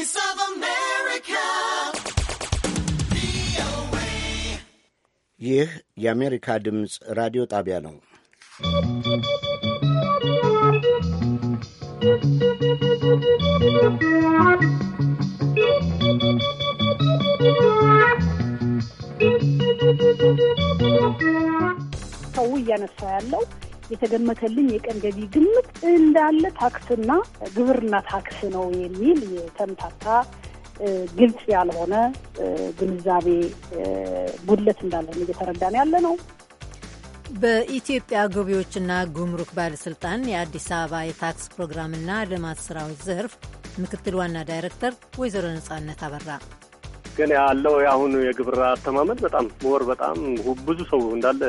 Voice of America. ይህ የአሜሪካ ድምፅ ራዲዮ ጣቢያ ነው። ሰው እያነሳ ያለው የተገመተልኝ የቀን ገቢ ግምት እንዳለ ታክስና ግብርና ታክስ ነው የሚል የተምታታ ግልጽ ያልሆነ ግንዛቤ ጉድለት እንዳለ እየተረዳን ያለ ነው። በኢትዮጵያ ገቢዎችና ጉምሩክ ባለስልጣን የአዲስ አበባ የታክስ ፕሮግራምና ልማት ስራዎች ዘርፍ ምክትል ዋና ዳይሬክተር ወይዘሮ ነጻነት አበራ ግን ያለው የአሁኑ የግብር አተማመን በጣም ወር በጣም ብዙ ሰው እንዳለ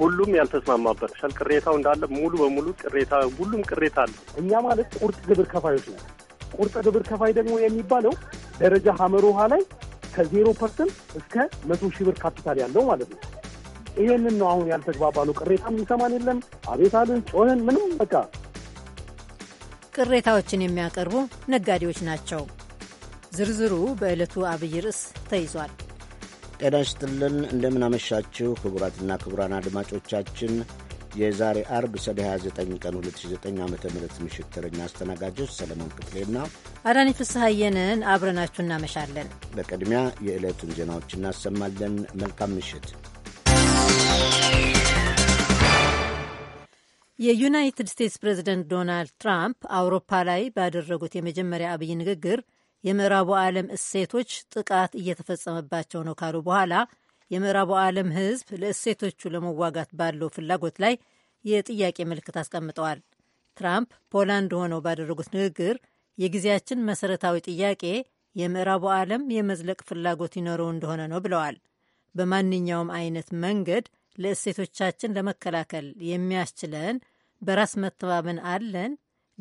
ሁሉም ያልተስማማበት ሻል ቅሬታው እንዳለ ሙሉ በሙሉ ቅሬታ ሁሉም ቅሬታ አለ። እኛ ማለት ቁርጥ ግብር ከፋዮች ነው። ቁርጥ ግብር ከፋይ ደግሞ የሚባለው ደረጃ ሀመር ውሃ ላይ ከዜሮ ፐርሰንት እስከ መቶ ሺህ ብር ካፒታል ያለው ማለት ነው። ይሄንን ነው አሁን ያልተግባባ ነው። ቅሬታም ይሰማን የለም። አቤት አልን፣ ጮህን፣ ምንም በቃ ቅሬታዎችን የሚያቀርቡ ነጋዴዎች ናቸው። ዝርዝሩ በዕለቱ አብይ ርዕስ ተይዟል። ጤና ይስጥልን፣ እንደምናመሻችሁ ክቡራትና ክቡራን አድማጮቻችን የዛሬ አርብ ሰኔ 29 ቀን 2009 ዓ ም ምሽት ተረኛ አስተናጋጆች ሰለሞን ክፍሌና አዳነች ፍስሐየንን አብረናችሁ እናመሻለን። በቅድሚያ የዕለቱን ዜናዎች እናሰማለን። መልካም ምሽት። የዩናይትድ ስቴትስ ፕሬዚደንት ዶናልድ ትራምፕ አውሮፓ ላይ ባደረጉት የመጀመሪያ አብይ ንግግር የምዕራቡ ዓለም እሴቶች ጥቃት እየተፈጸመባቸው ነው ካሉ በኋላ የምዕራቡ ዓለም ሕዝብ ለእሴቶቹ ለመዋጋት ባለው ፍላጎት ላይ የጥያቄ ምልክት አስቀምጠዋል። ትራምፕ ፖላንድ ሆነው ባደረጉት ንግግር የጊዜያችን መሰረታዊ ጥያቄ የምዕራቡ ዓለም የመዝለቅ ፍላጎት ይኖረው እንደሆነ ነው ብለዋል። በማንኛውም አይነት መንገድ ለእሴቶቻችን ለመከላከል የሚያስችለን በራስ መተማመን አለን።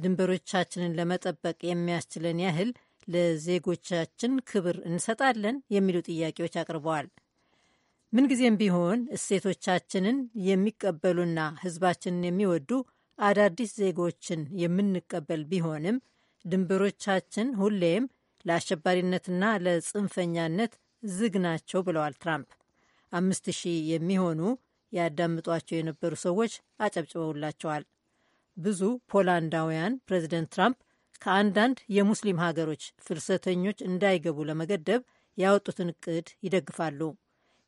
ድንበሮቻችንን ለመጠበቅ የሚያስችለን ያህል ለዜጎቻችን ክብር እንሰጣለን የሚሉ ጥያቄዎች አቅርበዋል። ምንጊዜም ቢሆን እሴቶቻችንን የሚቀበሉና ሕዝባችንን የሚወዱ አዳዲስ ዜጎችን የምንቀበል ቢሆንም ድንበሮቻችን ሁሌም ለአሸባሪነትና ለጽንፈኛነት ዝግ ናቸው ብለዋል ትራምፕ። አምስት ሺህ የሚሆኑ ያዳምጧቸው የነበሩ ሰዎች አጨብጭበውላቸዋል። ብዙ ፖላንዳውያን ፕሬዚደንት ትራምፕ ከአንዳንድ የሙስሊም ሀገሮች ፍልሰተኞች እንዳይገቡ ለመገደብ ያወጡትን እቅድ ይደግፋሉ።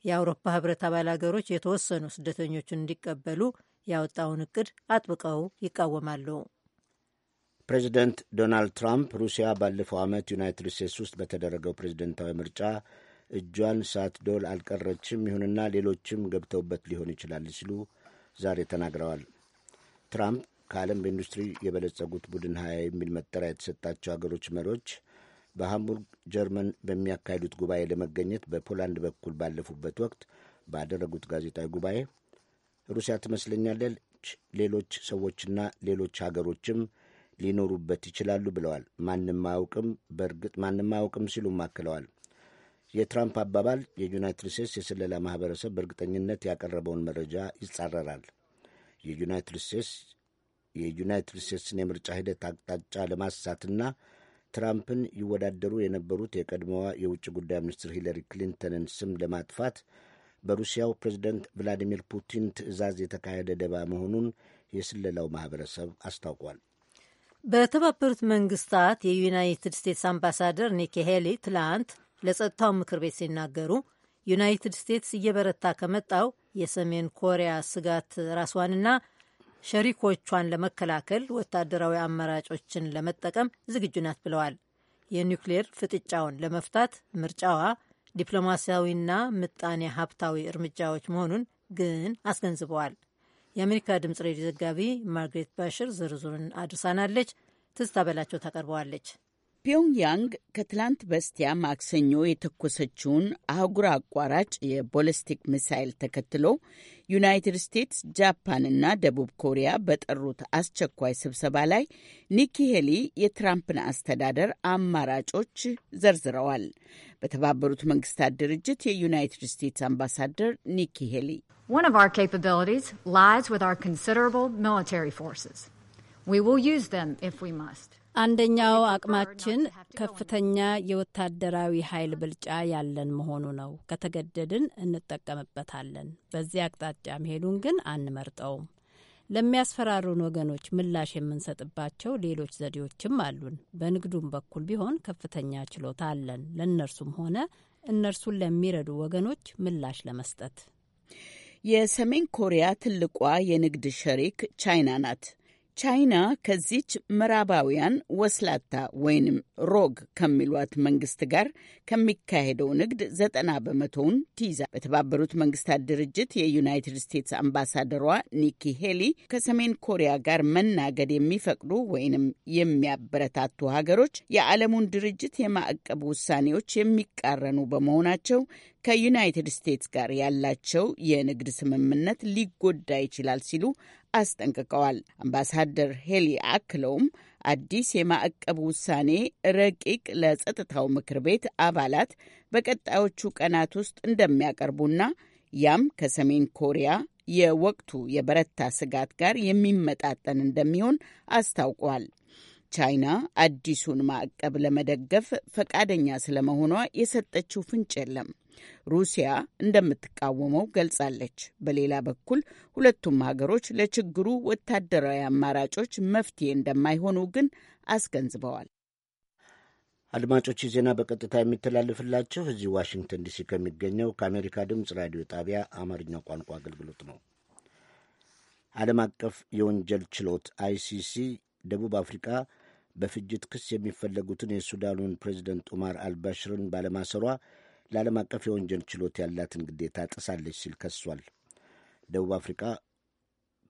የአውሮፓ ህብረት አባል ሀገሮች የተወሰኑ ስደተኞችን እንዲቀበሉ ያወጣውን እቅድ አጥብቀው ይቃወማሉ። ፕሬዚደንት ዶናልድ ትራምፕ ሩሲያ ባለፈው ዓመት ዩናይትድ ስቴትስ ውስጥ በተደረገው ፕሬዝደንታዊ ምርጫ እጇን ሳትዶል አልቀረችም፣ ይሁንና ሌሎችም ገብተውበት ሊሆን ይችላል ሲሉ ዛሬ ተናግረዋል። ትራምፕ ከዓለም በኢንዱስትሪ የበለጸጉት ቡድን ሀያ የሚል መጠሪያ የተሰጣቸው ሀገሮች መሪዎች በሃምቡርግ ጀርመን በሚያካሂዱት ጉባኤ ለመገኘት በፖላንድ በኩል ባለፉበት ወቅት ባደረጉት ጋዜጣዊ ጉባኤ ሩሲያ ትመስለኛለች፣ ሌሎች ሰዎችና ሌሎች ሀገሮችም ሊኖሩበት ይችላሉ ብለዋል። ማንም አያውቅም፣ በእርግጥ ማንም አያውቅም ሲሉም አክለዋል። የትራምፕ አባባል የዩናይትድ ስቴትስ የስለላ ማህበረሰብ በእርግጠኝነት ያቀረበውን መረጃ ይጻረራል። የዩናይትድ ስቴትስ የዩናይትድ ስቴትስን የምርጫ ሂደት አቅጣጫ ለማሳትና ትራምፕን ይወዳደሩ የነበሩት የቀድሞዋ የውጭ ጉዳይ ሚኒስትር ሂለሪ ክሊንተንን ስም ለማጥፋት በሩሲያው ፕሬዚደንት ቭላዲሚር ፑቲን ትዕዛዝ የተካሄደ ደባ መሆኑን የስለላው ማህበረሰብ አስታውቋል። በተባበሩት መንግስታት የዩናይትድ ስቴትስ አምባሳደር ኒኪ ሄሊ ትላንት ለጸጥታው ምክር ቤት ሲናገሩ ዩናይትድ ስቴትስ እየበረታ ከመጣው የሰሜን ኮሪያ ስጋት ራስዋንና ሸሪኮቿን ለመከላከል ወታደራዊ አማራጮችን ለመጠቀም ዝግጁ ናት ብለዋል። የኒውክሌር ፍጥጫውን ለመፍታት ምርጫዋ ዲፕሎማሲያዊና ምጣኔ ሀብታዊ እርምጃዎች መሆኑን ግን አስገንዝበዋል። የአሜሪካ ድምፅ ሬዲዮ ዘጋቢ ማርግሬት ባሽር ዝርዝሩን አድርሳናለች። ትዝታ በላቸው ታቀርበዋለች። ፒዮንግያንግ ከትላንት በስቲያ ማክሰኞ የተኮሰችውን አህጉር አቋራጭ የቦለስቲክ ሚሳይል ተከትሎ ዩናይትድ ስቴትስ፣ ጃፓንና ደቡብ ኮሪያ በጠሩት አስቸኳይ ስብሰባ ላይ ኒኪ ሄሊ የትራምፕን አስተዳደር አማራጮች ዘርዝረዋል። በተባበሩት መንግስታት ድርጅት የዩናይትድ ስቴትስ አምባሳደር ኒኪ ሄሊ ላይዝ ዊዝ አወር ኮንሲደራብል ሚሊታሪ ፎርስስ ዊ ዊል ዩዝ ዘም ኢፍ አንደኛው አቅማችን ከፍተኛ የወታደራዊ ኃይል ብልጫ ያለን መሆኑ ነው። ከተገደድን እንጠቀምበታለን። በዚህ አቅጣጫ መሄዱን ግን አንመርጠውም። ለሚያስፈራሩን ወገኖች ምላሽ የምንሰጥባቸው ሌሎች ዘዴዎችም አሉን። በንግዱም በኩል ቢሆን ከፍተኛ ችሎታ አለን፣ ለእነርሱም ሆነ እነርሱን ለሚረዱ ወገኖች ምላሽ ለመስጠት። የሰሜን ኮሪያ ትልቋ የንግድ ሸሪክ ቻይና ናት። ቻይና ከዚች ምዕራባውያን ወስላታ ወይንም ሮግ ከሚሏት መንግስት ጋር ከሚካሄደው ንግድ ዘጠና በመቶውን ትይዛ። በተባበሩት መንግስታት ድርጅት የዩናይትድ ስቴትስ አምባሳደሯ ኒኪ ሄሊ ከሰሜን ኮሪያ ጋር መናገድ የሚፈቅዱ ወይንም የሚያበረታቱ ሀገሮች የዓለሙን ድርጅት የማዕቀብ ውሳኔዎች የሚቃረኑ በመሆናቸው ከዩናይትድ ስቴትስ ጋር ያላቸው የንግድ ስምምነት ሊጎዳ ይችላል ሲሉ አስጠንቅቀዋል። አምባሳደር ሄሊ አክለውም አዲስ የማዕቀብ ውሳኔ ረቂቅ ለጸጥታው ምክር ቤት አባላት በቀጣዮቹ ቀናት ውስጥ እንደሚያቀርቡና ያም ከሰሜን ኮሪያ የወቅቱ የበረታ ስጋት ጋር የሚመጣጠን እንደሚሆን አስታውቋል። ቻይና አዲሱን ማዕቀብ ለመደገፍ ፈቃደኛ ስለመሆኗ የሰጠችው ፍንጭ የለም። ሩሲያ እንደምትቃወመው ገልጻለች። በሌላ በኩል ሁለቱም ሀገሮች ለችግሩ ወታደራዊ አማራጮች መፍትሄ እንደማይሆኑ ግን አስገንዝበዋል። አድማጮች፣ ዜና በቀጥታ የሚተላለፍላችሁ እዚህ ዋሽንግተን ዲሲ ከሚገኘው ከአሜሪካ ድምፅ ራዲዮ ጣቢያ አማርኛ ቋንቋ አገልግሎት ነው። ዓለም አቀፍ የወንጀል ችሎት አይሲሲ ደቡብ አፍሪካ በፍጅት ክስ የሚፈለጉትን የሱዳኑን ፕሬዚደንት ኡማር አልባሽርን ባለማሰሯ ለዓለም አቀፍ የወንጀል ችሎት ያላትን ግዴታ ጥሳለች ሲል ከሷል። ደቡብ አፍሪካ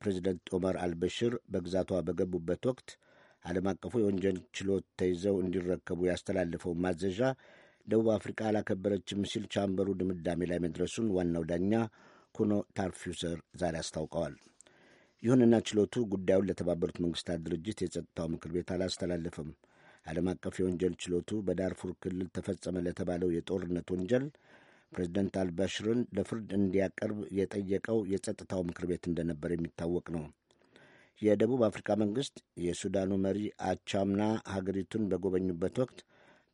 ፕሬዚደንት ኦመር አልበሽር በግዛቷ በገቡበት ወቅት ዓለም አቀፉ የወንጀል ችሎት ተይዘው እንዲረከቡ ያስተላለፈው ማዘዣ ደቡብ አፍሪካ አላከበረችም ሲል ቻምበሩ ድምዳሜ ላይ መድረሱን ዋናው ዳኛ ኩኖ ታርፊውሰር ዛሬ አስታውቀዋል። ይሁንና ችሎቱ ጉዳዩን ለተባበሩት መንግስታት ድርጅት የጸጥታው ምክር ቤት አላስተላለፈም። ዓለም አቀፍ የወንጀል ችሎቱ በዳርፉር ክልል ተፈጸመ ለተባለው የጦርነት ወንጀል ፕሬዚደንት አልባሽርን ለፍርድ እንዲያቀርብ የጠየቀው የጸጥታው ምክር ቤት እንደነበር የሚታወቅ ነው። የደቡብ አፍሪካ መንግስት የሱዳኑ መሪ አቻምና ሀገሪቱን በጎበኙበት ወቅት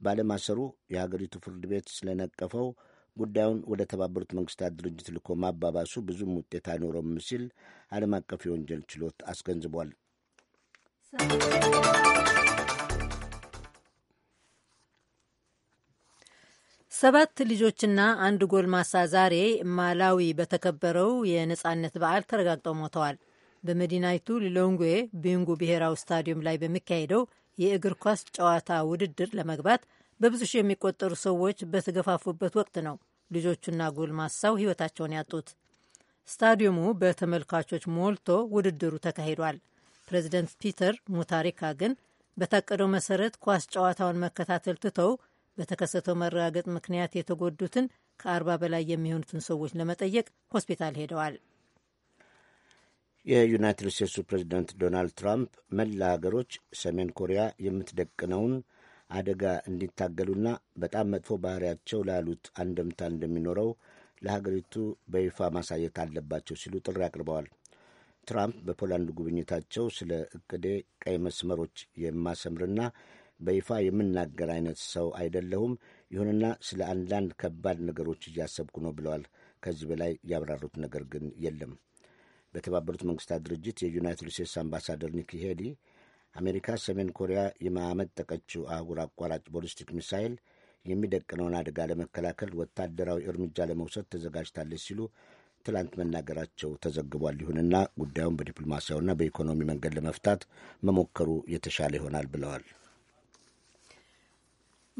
ባለማሰሩ የሀገሪቱ ፍርድ ቤት ስለነቀፈው ጉዳዩን ወደ ተባበሩት መንግስታት ድርጅት ልኮ ማባባሱ ብዙም ውጤት አይኖረውም ሲል ዓለም አቀፍ የወንጀል ችሎት አስገንዝቧል። ሰባት ልጆችና አንድ ጎልማሳ ዛሬ ማላዊ በተከበረው የነጻነት በዓል ተረጋግጠው ሞተዋል። በመዲናይቱ ሊሎንጌ ቢንጉ ብሔራዊ ስታዲየም ላይ በሚካሄደው የእግር ኳስ ጨዋታ ውድድር ለመግባት በብዙ ሺህ የሚቆጠሩ ሰዎች በተገፋፉበት ወቅት ነው ልጆቹና ጎልማሳው ሕይወታቸውን ያጡት። ስታዲየሙ በተመልካቾች ሞልቶ ውድድሩ ተካሂዷል። ፕሬዚደንት ፒተር ሙታሪካ ግን በታቀደው መሰረት ኳስ ጨዋታውን መከታተል ትተው በተከሰተው መረጋገጥ ምክንያት የተጎዱትን ከአርባ በላይ የሚሆኑትን ሰዎች ለመጠየቅ ሆስፒታል ሄደዋል። የዩናይትድ ስቴትሱ ፕሬዚደንት ዶናልድ ትራምፕ መላ ሀገሮች ሰሜን ኮሪያ የምትደቅነውን አደጋ እንዲታገሉና በጣም መጥፎ ባህሪያቸው ላሉት አንደምታ እንደሚኖረው ለሀገሪቱ በይፋ ማሳየት አለባቸው ሲሉ ጥሪ አቅርበዋል። ትራምፕ በፖላንድ ጉብኝታቸው ስለ እቅዴ ቀይ መስመሮች የማሰምርና በይፋ የምናገር አይነት ሰው አይደለሁም። ይሁንና ስለ አንዳንድ ከባድ ነገሮች እያሰብኩ ነው ብለዋል። ከዚህ በላይ ያብራሩት ነገር ግን የለም። በተባበሩት መንግስታት ድርጅት የዩናይትድ ስቴትስ አምባሳደር ኒኪ ሄሊ አሜሪካ ሰሜን ኮሪያ የማመጠቀችው አህጉር አቋራጭ ቦሊስቲክ ሚሳይል የሚደቅነውን አደጋ ለመከላከል ወታደራዊ እርምጃ ለመውሰድ ተዘጋጅታለች ሲሉ ትላንት መናገራቸው ተዘግቧል። ይሁንና ጉዳዩን በዲፕሎማሲያዊና በኢኮኖሚ መንገድ ለመፍታት መሞከሩ የተሻለ ይሆናል ብለዋል።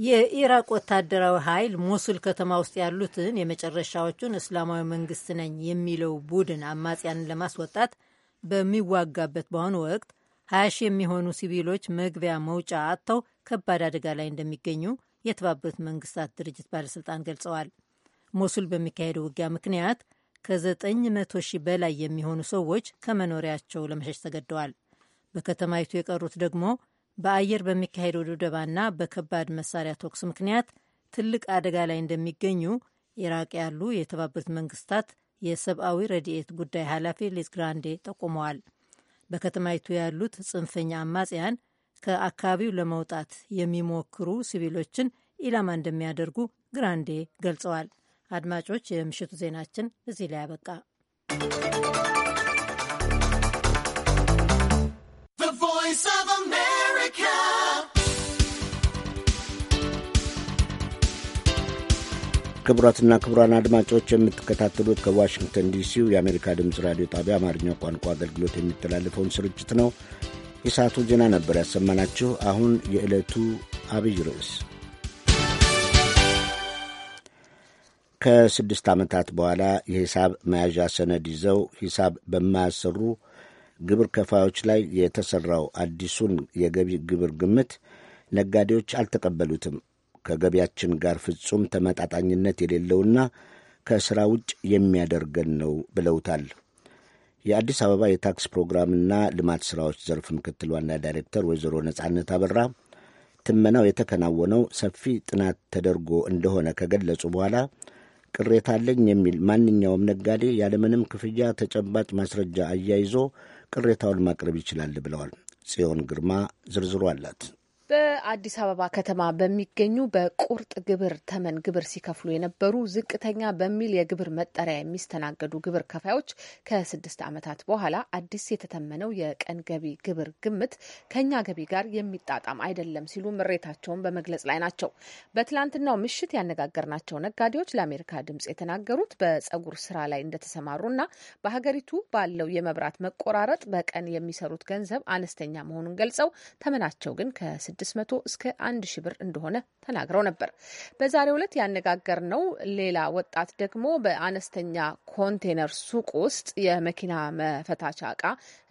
የኢራቅ ወታደራዊ ኃይል ሞሱል ከተማ ውስጥ ያሉትን የመጨረሻዎቹን እስላማዊ መንግስት ነኝ የሚለው ቡድን አማጽያንን ለማስወጣት በሚዋጋበት በአሁኑ ወቅት ሀያ ሺህ የሚሆኑ ሲቪሎች መግቢያ መውጫ አጥተው ከባድ አደጋ ላይ እንደሚገኙ የተባበሩት መንግስታት ድርጅት ባለሥልጣን ገልጸዋል። ሞሱል በሚካሄደው ውጊያ ምክንያት ከዘጠኝ መቶ ሺህ በላይ የሚሆኑ ሰዎች ከመኖሪያቸው ለመሸሽ ተገደዋል። በከተማይቱ የቀሩት ደግሞ በአየር በሚካሄደው ድብደባና በከባድ መሳሪያ ተኩስ ምክንያት ትልቅ አደጋ ላይ እንደሚገኙ ኢራቅ ያሉ የተባበሩት መንግስታት የሰብአዊ ረድኤት ጉዳይ ኃላፊ ሊዝ ግራንዴ ጠቁመዋል። በከተማይቱ ያሉት ጽንፈኛ አማጽያን ከአካባቢው ለመውጣት የሚሞክሩ ሲቪሎችን ኢላማ እንደሚያደርጉ ግራንዴ ገልጸዋል። አድማጮች፣ የምሽቱ ዜናችን እዚህ ላይ አበቃ። ቮይስ ኦፍ አሜሪካ ክቡራትና ክቡራን አድማጮች የምትከታተሉት ከዋሽንግተን ዲሲው የአሜሪካ ድምፅ ራዲዮ ጣቢያ አማርኛ ቋንቋ አገልግሎት የሚተላለፈውን ስርጭት ነው። የሰዓቱ ዜና ነበር ያሰማናችሁ። አሁን የዕለቱ አብይ ርዕስ ከስድስት ዓመታት በኋላ የሂሳብ መያዣ ሰነድ ይዘው ሂሳብ በማያሰሩ ግብር ከፋዮች ላይ የተሰራው አዲሱን የገቢ ግብር ግምት ነጋዴዎች አልተቀበሉትም። ከገቢያችን ጋር ፍጹም ተመጣጣኝነት የሌለውና ከሥራ ውጭ የሚያደርገን ነው ብለውታል። የአዲስ አበባ የታክስ ፕሮግራምና ልማት ሥራዎች ዘርፍ ምክትል ዋና ዳይሬክተር ወይዘሮ ነጻነት አበራ ትመናው የተከናወነው ሰፊ ጥናት ተደርጎ እንደሆነ ከገለጹ በኋላ ቅሬታ አለኝ የሚል ማንኛውም ነጋዴ ያለምንም ክፍያ ተጨባጭ ማስረጃ አያይዞ ቅሬታውን ማቅረብ ይችላል ብለዋል። ጽዮን ግርማ ዝርዝሩ አላት። በአዲስ አበባ ከተማ በሚገኙ በቁርጥ ግብር ተመን ግብር ሲከፍሉ የነበሩ ዝቅተኛ በሚል የግብር መጠሪያ የሚስተናገዱ ግብር ከፋዮች ከስድስት ዓመታት በኋላ አዲስ የተተመነው የቀን ገቢ ግብር ግምት ከእኛ ገቢ ጋር የሚጣጣም አይደለም ሲሉ ምሬታቸውን በመግለጽ ላይ ናቸው። በትላንትናው ምሽት ያነጋገርናቸው ነጋዴዎች ለአሜሪካ ድምጽ የተናገሩት በጸጉር ስራ ላይ እንደተሰማሩና በሀገሪቱ ባለው የመብራት መቆራረጥ በቀን የሚሰሩት ገንዘብ አነስተኛ መሆኑን ገልጸው ተመናቸው ግን ከ እስከ 1 ሺ ብር እንደሆነ ተናግረው ነበር። በዛሬው ዕለት ያነጋገር ነው ሌላ ወጣት ደግሞ በአነስተኛ ኮንቴነር ሱቅ ውስጥ የመኪና መፈታቻ እቃ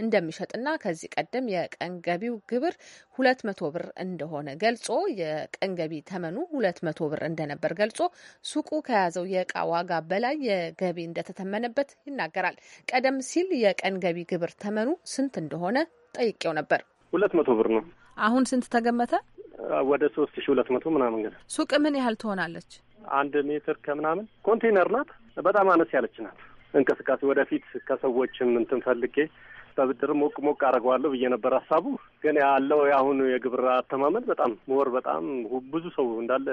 እንደሚሸጥና ከዚህ ቀደም የቀን ገቢው ግብር 200 ብር እንደሆነ ገልጾ የቀን ገቢ ተመኑ 200 ብር እንደነበር ገልጾ ሱቁ ከያዘው የእቃ ዋጋ በላይ የገቢ እንደተተመነበት ይናገራል። ቀደም ሲል የቀን ገቢ ግብር ተመኑ ስንት እንደሆነ ጠይቄው ነበር። ሁለት መቶ ብር ነው አሁን ስንት ተገመተ? ወደ ሶስት ሺ ሁለት መቶ ምናምን። ገ ሱቅ ምን ያህል ትሆናለች? አንድ ሜትር ከምናምን ኮንቴነር ናት። በጣም አነስ ያለች ናት። እንቅስቃሴ ወደፊት ከሰዎችም እንትን ፈልጌ በብድርም ሞቅ ሞቅ አድርገዋለሁ ብዬ ነበር ሀሳቡ። ግን ያለው የአሁኑ የግብር አተማመን በጣም ሞር በጣም ብዙ ሰው እንዳለ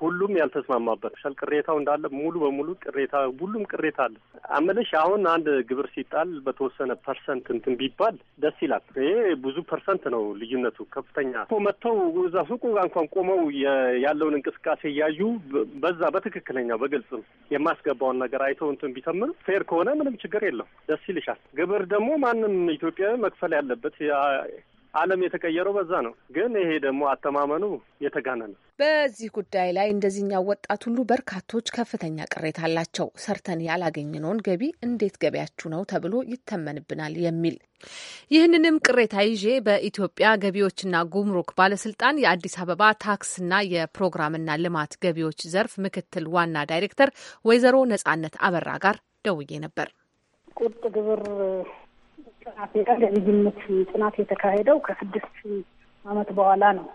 ሁሉም ያልተስማማበት ሻል ቅሬታው እንዳለ ሙሉ በሙሉ ቅሬታ ሁሉም ቅሬታ አለ አመለሽ። አሁን አንድ ግብር ሲጣል በተወሰነ ፐርሰንት እንትን ቢባል ደስ ይላል። ይሄ ብዙ ፐርሰንት ነው ልዩነቱ ከፍተኛ መጥተው እዛ ሱቁ እንኳን ቆመው ያለውን እንቅስቃሴ እያዩ በዛ በትክክለኛ በግልጽ የማስገባውን ነገር አይተው እንትን ቢተምኑ ፌር ከሆነ ምንም ችግር የለው ደስ ይልሻል። ግብር ደግሞ ማንም ኢትዮጵያዊ መክፈል ያለበት ዓለም የተቀየረው በዛ ነው። ግን ይሄ ደግሞ አተማመኑ የተጋነ ነው። በዚህ ጉዳይ ላይ እንደዚህኛው ወጣት ሁሉ በርካቶች ከፍተኛ ቅሬታ አላቸው። ሰርተን ያላገኘነውን ገቢ እንዴት ገቢያችሁ ነው ተብሎ ይተመንብናል የሚል ይህንንም ቅሬታ ይዤ በኢትዮጵያ ገቢዎችና ጉምሩክ ባለስልጣን የአዲስ አበባ ታክስና የፕሮግራምና ልማት ገቢዎች ዘርፍ ምክትል ዋና ዳይሬክተር ወይዘሮ ነጻነት አበራ ጋር ደውዬ ነበር። ቁጥ ግብር ጥናት የቀን ልዩነት ጥናት የተካሄደው ከስድስት ዓመት በኋላ ነው።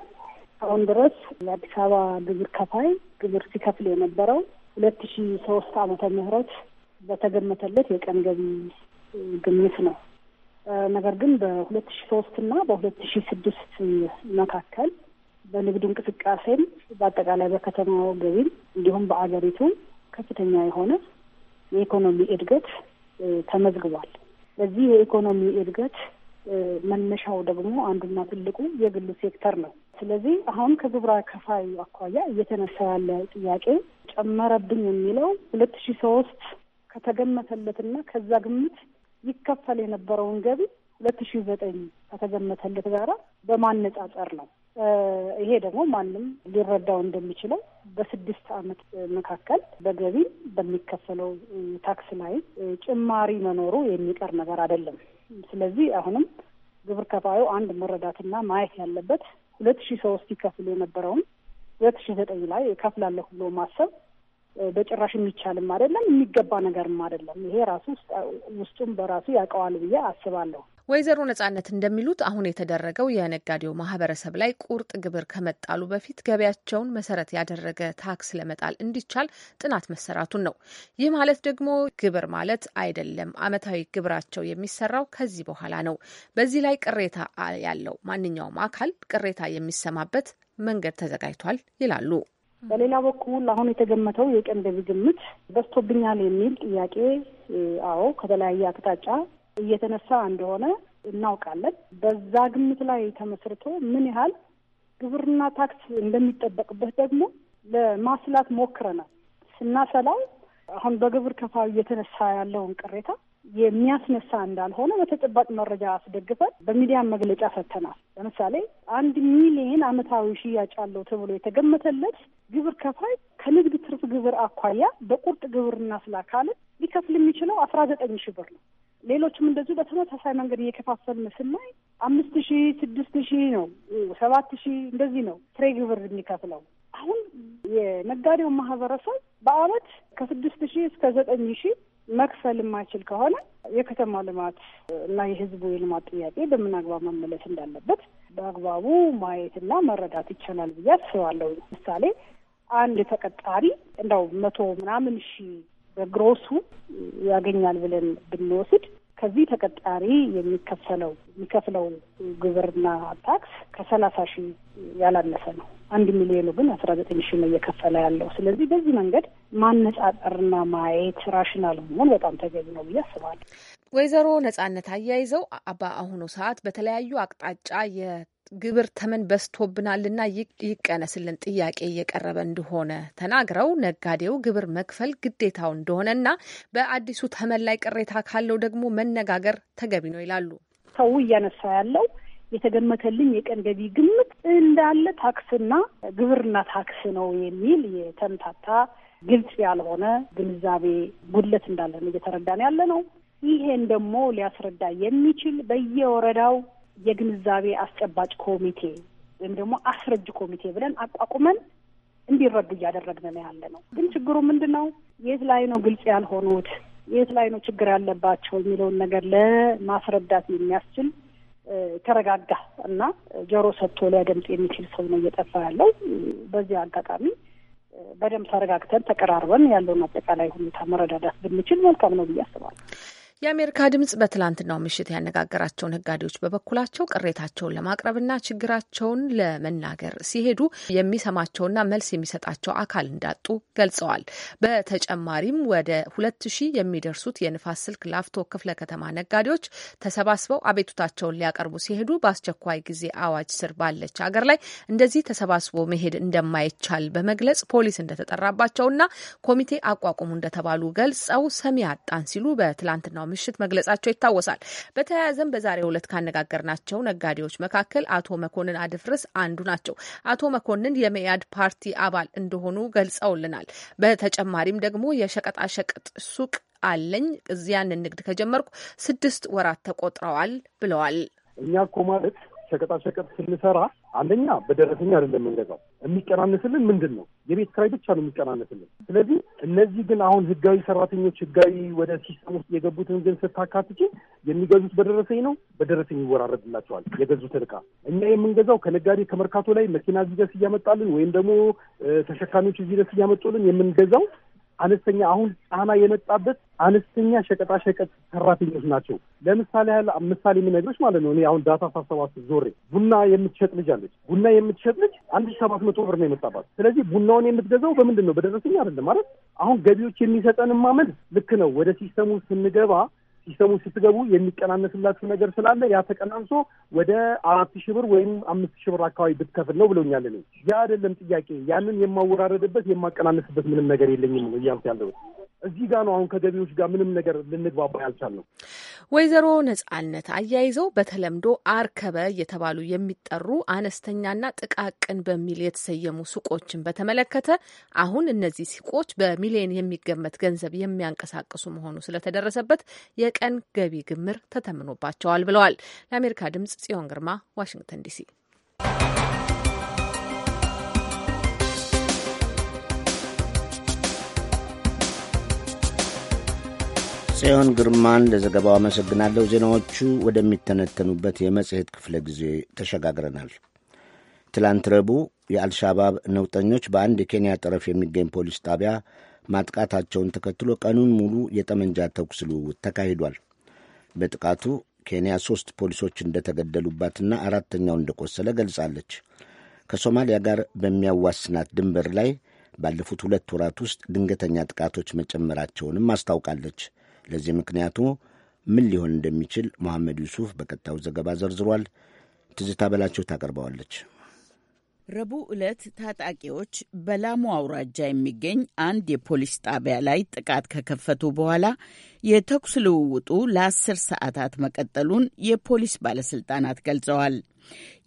አሁን ድረስ የአዲስ አበባ ግብር ከፋይ ግብር ሲከፍል የነበረው ሁለት ሺ ሶስት ዓመተ ምህረት በተገመተለት የቀን ገቢ ግምት ነው። ነገር ግን በሁለት ሺ ሶስት እና በሁለት ሺ ስድስት መካከል በንግዱ እንቅስቃሴም በአጠቃላይ በከተማው ገቢም እንዲሁም በአገሪቱ ከፍተኛ የሆነ የኢኮኖሚ እድገት ተመዝግቧል። በዚህ የኢኮኖሚ እድገት መነሻው ደግሞ አንዱና ትልቁ የግሉ ሴክተር ነው። ስለዚህ አሁን ከግብራ ከፋዩ አኳያ እየተነሳ ያለ ጥያቄ ጨመረብኝ የሚለው ሁለት ሺ ሶስት ከተገመተለትና ከዛ ግምት ይከፈል የነበረውን ገቢ ሁለት ሺ ዘጠኝ ከተገመተለት ጋራ በማነጻጸር ነው። ይሄ ደግሞ ማንም ሊረዳው እንደሚችለው በስድስት ዓመት መካከል በገቢ በሚከፈለው ታክስ ላይ ጭማሪ መኖሩ የሚቀር ነገር አይደለም። ስለዚህ አሁንም ግብር ከፋዩ አንድ መረዳትና ማየት ያለበት ሁለት ሺ ሶስት ይከፍል የነበረውን ሁለት ሺ ዘጠኝ ላይ እከፍላለሁ ብሎ ማሰብ በጭራሽ የሚቻልም አይደለም፣ የሚገባ ነገርም አይደለም። ይሄ ራሱ ውስጡም በራሱ ያውቀዋል ብዬ አስባለሁ። ወይዘሮ ነጻነት እንደሚሉት አሁን የተደረገው የነጋዴው ማህበረሰብ ላይ ቁርጥ ግብር ከመጣሉ በፊት ገበያቸውን መሰረት ያደረገ ታክስ ለመጣል እንዲቻል ጥናት መሰራቱን ነው። ይህ ማለት ደግሞ ግብር ማለት አይደለም፣ አመታዊ ግብራቸው የሚሰራው ከዚህ በኋላ ነው። በዚህ ላይ ቅሬታ ያለው ማንኛውም አካል ቅሬታ የሚሰማበት መንገድ ተዘጋጅቷል ይላሉ። በሌላ በኩል አሁን የተገመተው የቀን ገቢ ግምት በዝቶብኛል የሚል ጥያቄ አዎ ከተለያየ አቅጣጫ እየተነሳ እንደሆነ እናውቃለን። በዛ ግምት ላይ ተመስርቶ ምን ያህል ግብርና ታክስ እንደሚጠበቅበት ደግሞ ለማስላት ሞክረናል። ስናሰላው አሁን በግብር ከፋዩ እየተነሳ ያለውን ቅሬታ የሚያስነሳ እንዳልሆነ በተጨባጭ መረጃ አስደግፈን በሚዲያ መግለጫ ሰጥተናል። ለምሳሌ አንድ ሚሊየን ዓመታዊ ሽያጭ አለው ተብሎ የተገመተለት ግብር ከፋይ ከንግድ ትርፍ ግብር አኳያ በቁርጥ ግብርና ስላካለ ሊከፍል የሚችለው አስራ ዘጠኝ ሺህ ብር ነው። ሌሎችም እንደዚሁ በተመሳሳይ መንገድ እየከፋፈልን ስናይ አምስት ሺህ ስድስት ሺ ነው ሰባት ሺህ እንደዚህ ነው ጥሬ ግብር የሚከፍለው። አሁን የነጋዴው ማህበረሰብ በአመት ከስድስት ሺህ እስከ ዘጠኝ ሺህ መክፈል የማይችል ከሆነ የከተማ ልማት እና የህዝቡ የልማት ጥያቄ በምን አግባብ መመለስ እንዳለበት በአግባቡ ማየትና መረዳት ይቻላል ብዬ አስባለሁ። ምሳሌ አንድ ተቀጣሪ እንደው መቶ ምናምን ሺህ በግሮሱ ያገኛል ብለን ብንወስድ ከዚህ ተቀጣሪ የሚከፈለው የሚከፍለው ግብርና ታክስ ከሰላሳ ሺህ ያላነሰ ነው። አንድ ሚሊዮኑ ግን አስራ ዘጠኝ ሺህ ነው እየከፈለ ያለው። ስለዚህ በዚህ መንገድ ማነጻጸርና ማየት ራሽናል መሆን በጣም ተገቢ ነው ብዬ አስባለሁ። ወይዘሮ ነጻነት አያይዘው በአሁኑ ሰዓት በተለያዩ አቅጣጫ የግብር ተመን በዝቶብናልና ይቀነስልን ጥያቄ እየቀረበ እንደሆነ ተናግረው ነጋዴው ግብር መክፈል ግዴታው እንደሆነና በአዲሱ ተመን ላይ ቅሬታ ካለው ደግሞ መነጋገር ተገቢ ነው ይላሉ። ሰው እያነሳ ያለው የተገመተልኝ የቀን ገቢ ግምት እንዳለ ታክስና ግብርና ታክስ ነው የሚል የተምታታ ግልጽ ያልሆነ ግንዛቤ ጉድለት እንዳለ እየተረዳን ያለ ነው። ይሄን ደግሞ ሊያስረዳ የሚችል በየወረዳው የግንዛቤ አስጨባጭ ኮሚቴ ወይም ደግሞ አስረጅ ኮሚቴ ብለን አቋቁመን እንዲረዱ እያደረግን ነው ያለ ነው። ግን ችግሩ ምንድን ነው? የት ላይ ነው ግልጽ ያልሆኑት፣ የት ላይ ነው ችግር ያለባቸው የሚለውን ነገር ለማስረዳት የሚያስችል ተረጋጋ እና ጆሮ ሰጥቶ ሊያደምጥ የሚችል ሰው ነው እየጠፋ ያለው። በዚህ አጋጣሚ በደንብ ተረጋግተን ተቀራርበን ያለውን አጠቃላይ ሁኔታ መረዳዳት ብንችል መልካም ነው ብዬ አስባለሁ። የአሜሪካ ድምጽ በትላንትናው ምሽት ያነጋገራቸው ነጋዴዎች በበኩላቸው ቅሬታቸውን ለማቅረብና ችግራቸውን ለመናገር ሲሄዱ የሚሰማቸውና መልስ የሚሰጣቸው አካል እንዳጡ ገልጸዋል። በተጨማሪም ወደ ሁለት ሺህ የሚደርሱት የንፋስ ስልክ ላፍቶ ክፍለ ከተማ ነጋዴዎች ተሰባስበው አቤቱታቸውን ሊያቀርቡ ሲሄዱ በአስቸኳይ ጊዜ አዋጅ ስር ባለች ሀገር ላይ እንደዚህ ተሰባስቦ መሄድ እንደማይቻል በመግለጽ ፖሊስ እንደተጠራባቸውና ኮሚቴ አቋቁሙ እንደተባሉ ገልጸው ሰሚ አጣን ሲሉ በትላንትናው በትናንትናው ምሽት መግለጻቸው ይታወሳል። በተያያዘም በዛሬው ዕለት ካነጋገርናቸው ነጋዴዎች መካከል አቶ መኮንን አድፍርስ አንዱ ናቸው። አቶ መኮንን የመኢአድ ፓርቲ አባል እንደሆኑ ገልጸውልናል። በተጨማሪም ደግሞ የሸቀጣሸቀጥ ሱቅ አለኝ እዚያን ንግድ ከጀመርኩ ስድስት ወራት ተቆጥረዋል ብለዋል። እኛ እኮ ማለት ሸቀጣሸቀጥ ስንሰራ አንደኛ በደረሰኛ አይደለም የምንገዛው። የሚቀናነስልን ምንድን ነው? የቤት ኪራይ ብቻ ነው የሚቀናነስልን። ስለዚህ እነዚህ ግን አሁን ህጋዊ ሰራተኞች ህጋዊ ወደ ሲስተም ውስጥ የገቡትን ግን ስታካትች የሚገዙት በደረሰኝ ነው። በደረሰኝ ይወራረድላቸዋል የገዙትን ዕቃ። እኛ የምንገዛው ከነጋዴ ከመርካቶ ላይ መኪና እዚህ ደስ እያመጣልን ወይም ደግሞ ተሸካሚዎች እዚህ ደስ እያመጡልን የምንገዛው አነስተኛ አሁን ጫና የመጣበት አነስተኛ ሸቀጣሸቀጥ ሰራተኞች ናቸው። ለምሳሌ ያህል ምሳሌ የሚነግሮች ማለት ነው። እኔ አሁን ዳታ ሳሰባስብ ዞሬ ቡና የምትሸጥ ልጅ አለች። ቡና የምትሸጥ ልጅ አንድ ሺ ሰባት መቶ ብር ነው የመጣባት። ስለዚህ ቡናውን የምትገዛው በምንድን ነው? በደረሰኝ አይደለም ማለት አሁን ገቢዎች የሚሰጠን ማመን ልክ ነው። ወደ ሲስተሙ ስንገባ ሲስተሙ ስትገቡ የሚቀናነስላችሁ ነገር ስላለ ያ ተቀናንሶ ወደ አራት ሺህ ብር ወይም አምስት ሺህ ብር አካባቢ ብትከፍል ነው ብለውኛል። እኔ ያ አይደለም ጥያቄ። ያንን የማወራረድበት የማቀናነስበት ምንም ነገር የለኝም ነው እያልኩ ያለሁት። እዚህ ጋር ነው አሁን ከገቢዎች ጋር ምንም ነገር ልንግባባ ነው። ወይዘሮ ነጻነት አያይዘው በተለምዶ አርከበ እየተባሉ የሚጠሩ አነስተኛና ጥቃቅን በሚል የተሰየሙ ሱቆችን በተመለከተ አሁን እነዚህ ሱቆች በሚሊዮን የሚገመት ገንዘብ የሚያንቀሳቅሱ መሆኑ ስለተደረሰበት የቀን ገቢ ግምር ተተምኖባቸዋል ብለዋል። ለአሜሪካ ድምጽ ጽዮን ግርማ ዋሽንግተን ዲሲ ጽዮን ግርማን ለዘገባው አመሰግናለሁ። ዜናዎቹ ወደሚተነተኑበት የመጽሔት ክፍለ ጊዜ ተሸጋግረናል። ትላንት ረቡዕ የአልሻባብ ነውጠኞች በአንድ የኬንያ ጠረፍ የሚገኝ ፖሊስ ጣቢያ ማጥቃታቸውን ተከትሎ ቀኑን ሙሉ የጠመንጃ ተኩስ ልውውጥ ተካሂዷል። በጥቃቱ ኬንያ ሦስት ፖሊሶች እንደተገደሉባትና አራተኛው እንደቆሰለ ገልጻለች። ከሶማሊያ ጋር በሚያዋስናት ድንበር ላይ ባለፉት ሁለት ወራት ውስጥ ድንገተኛ ጥቃቶች መጨመራቸውንም አስታውቃለች። ለዚህ ምክንያቱ ምን ሊሆን እንደሚችል መሐመድ ዩሱፍ በቀጣዩ ዘገባ ዘርዝሯል። ትዝታ በላቸው ታቀርበዋለች። ረቡዕ ዕለት ታጣቂዎች በላሙ አውራጃ የሚገኝ አንድ የፖሊስ ጣቢያ ላይ ጥቃት ከከፈቱ በኋላ የተኩስ ልውውጡ ለአስር ሰዓታት መቀጠሉን የፖሊስ ባለስልጣናት ገልጸዋል።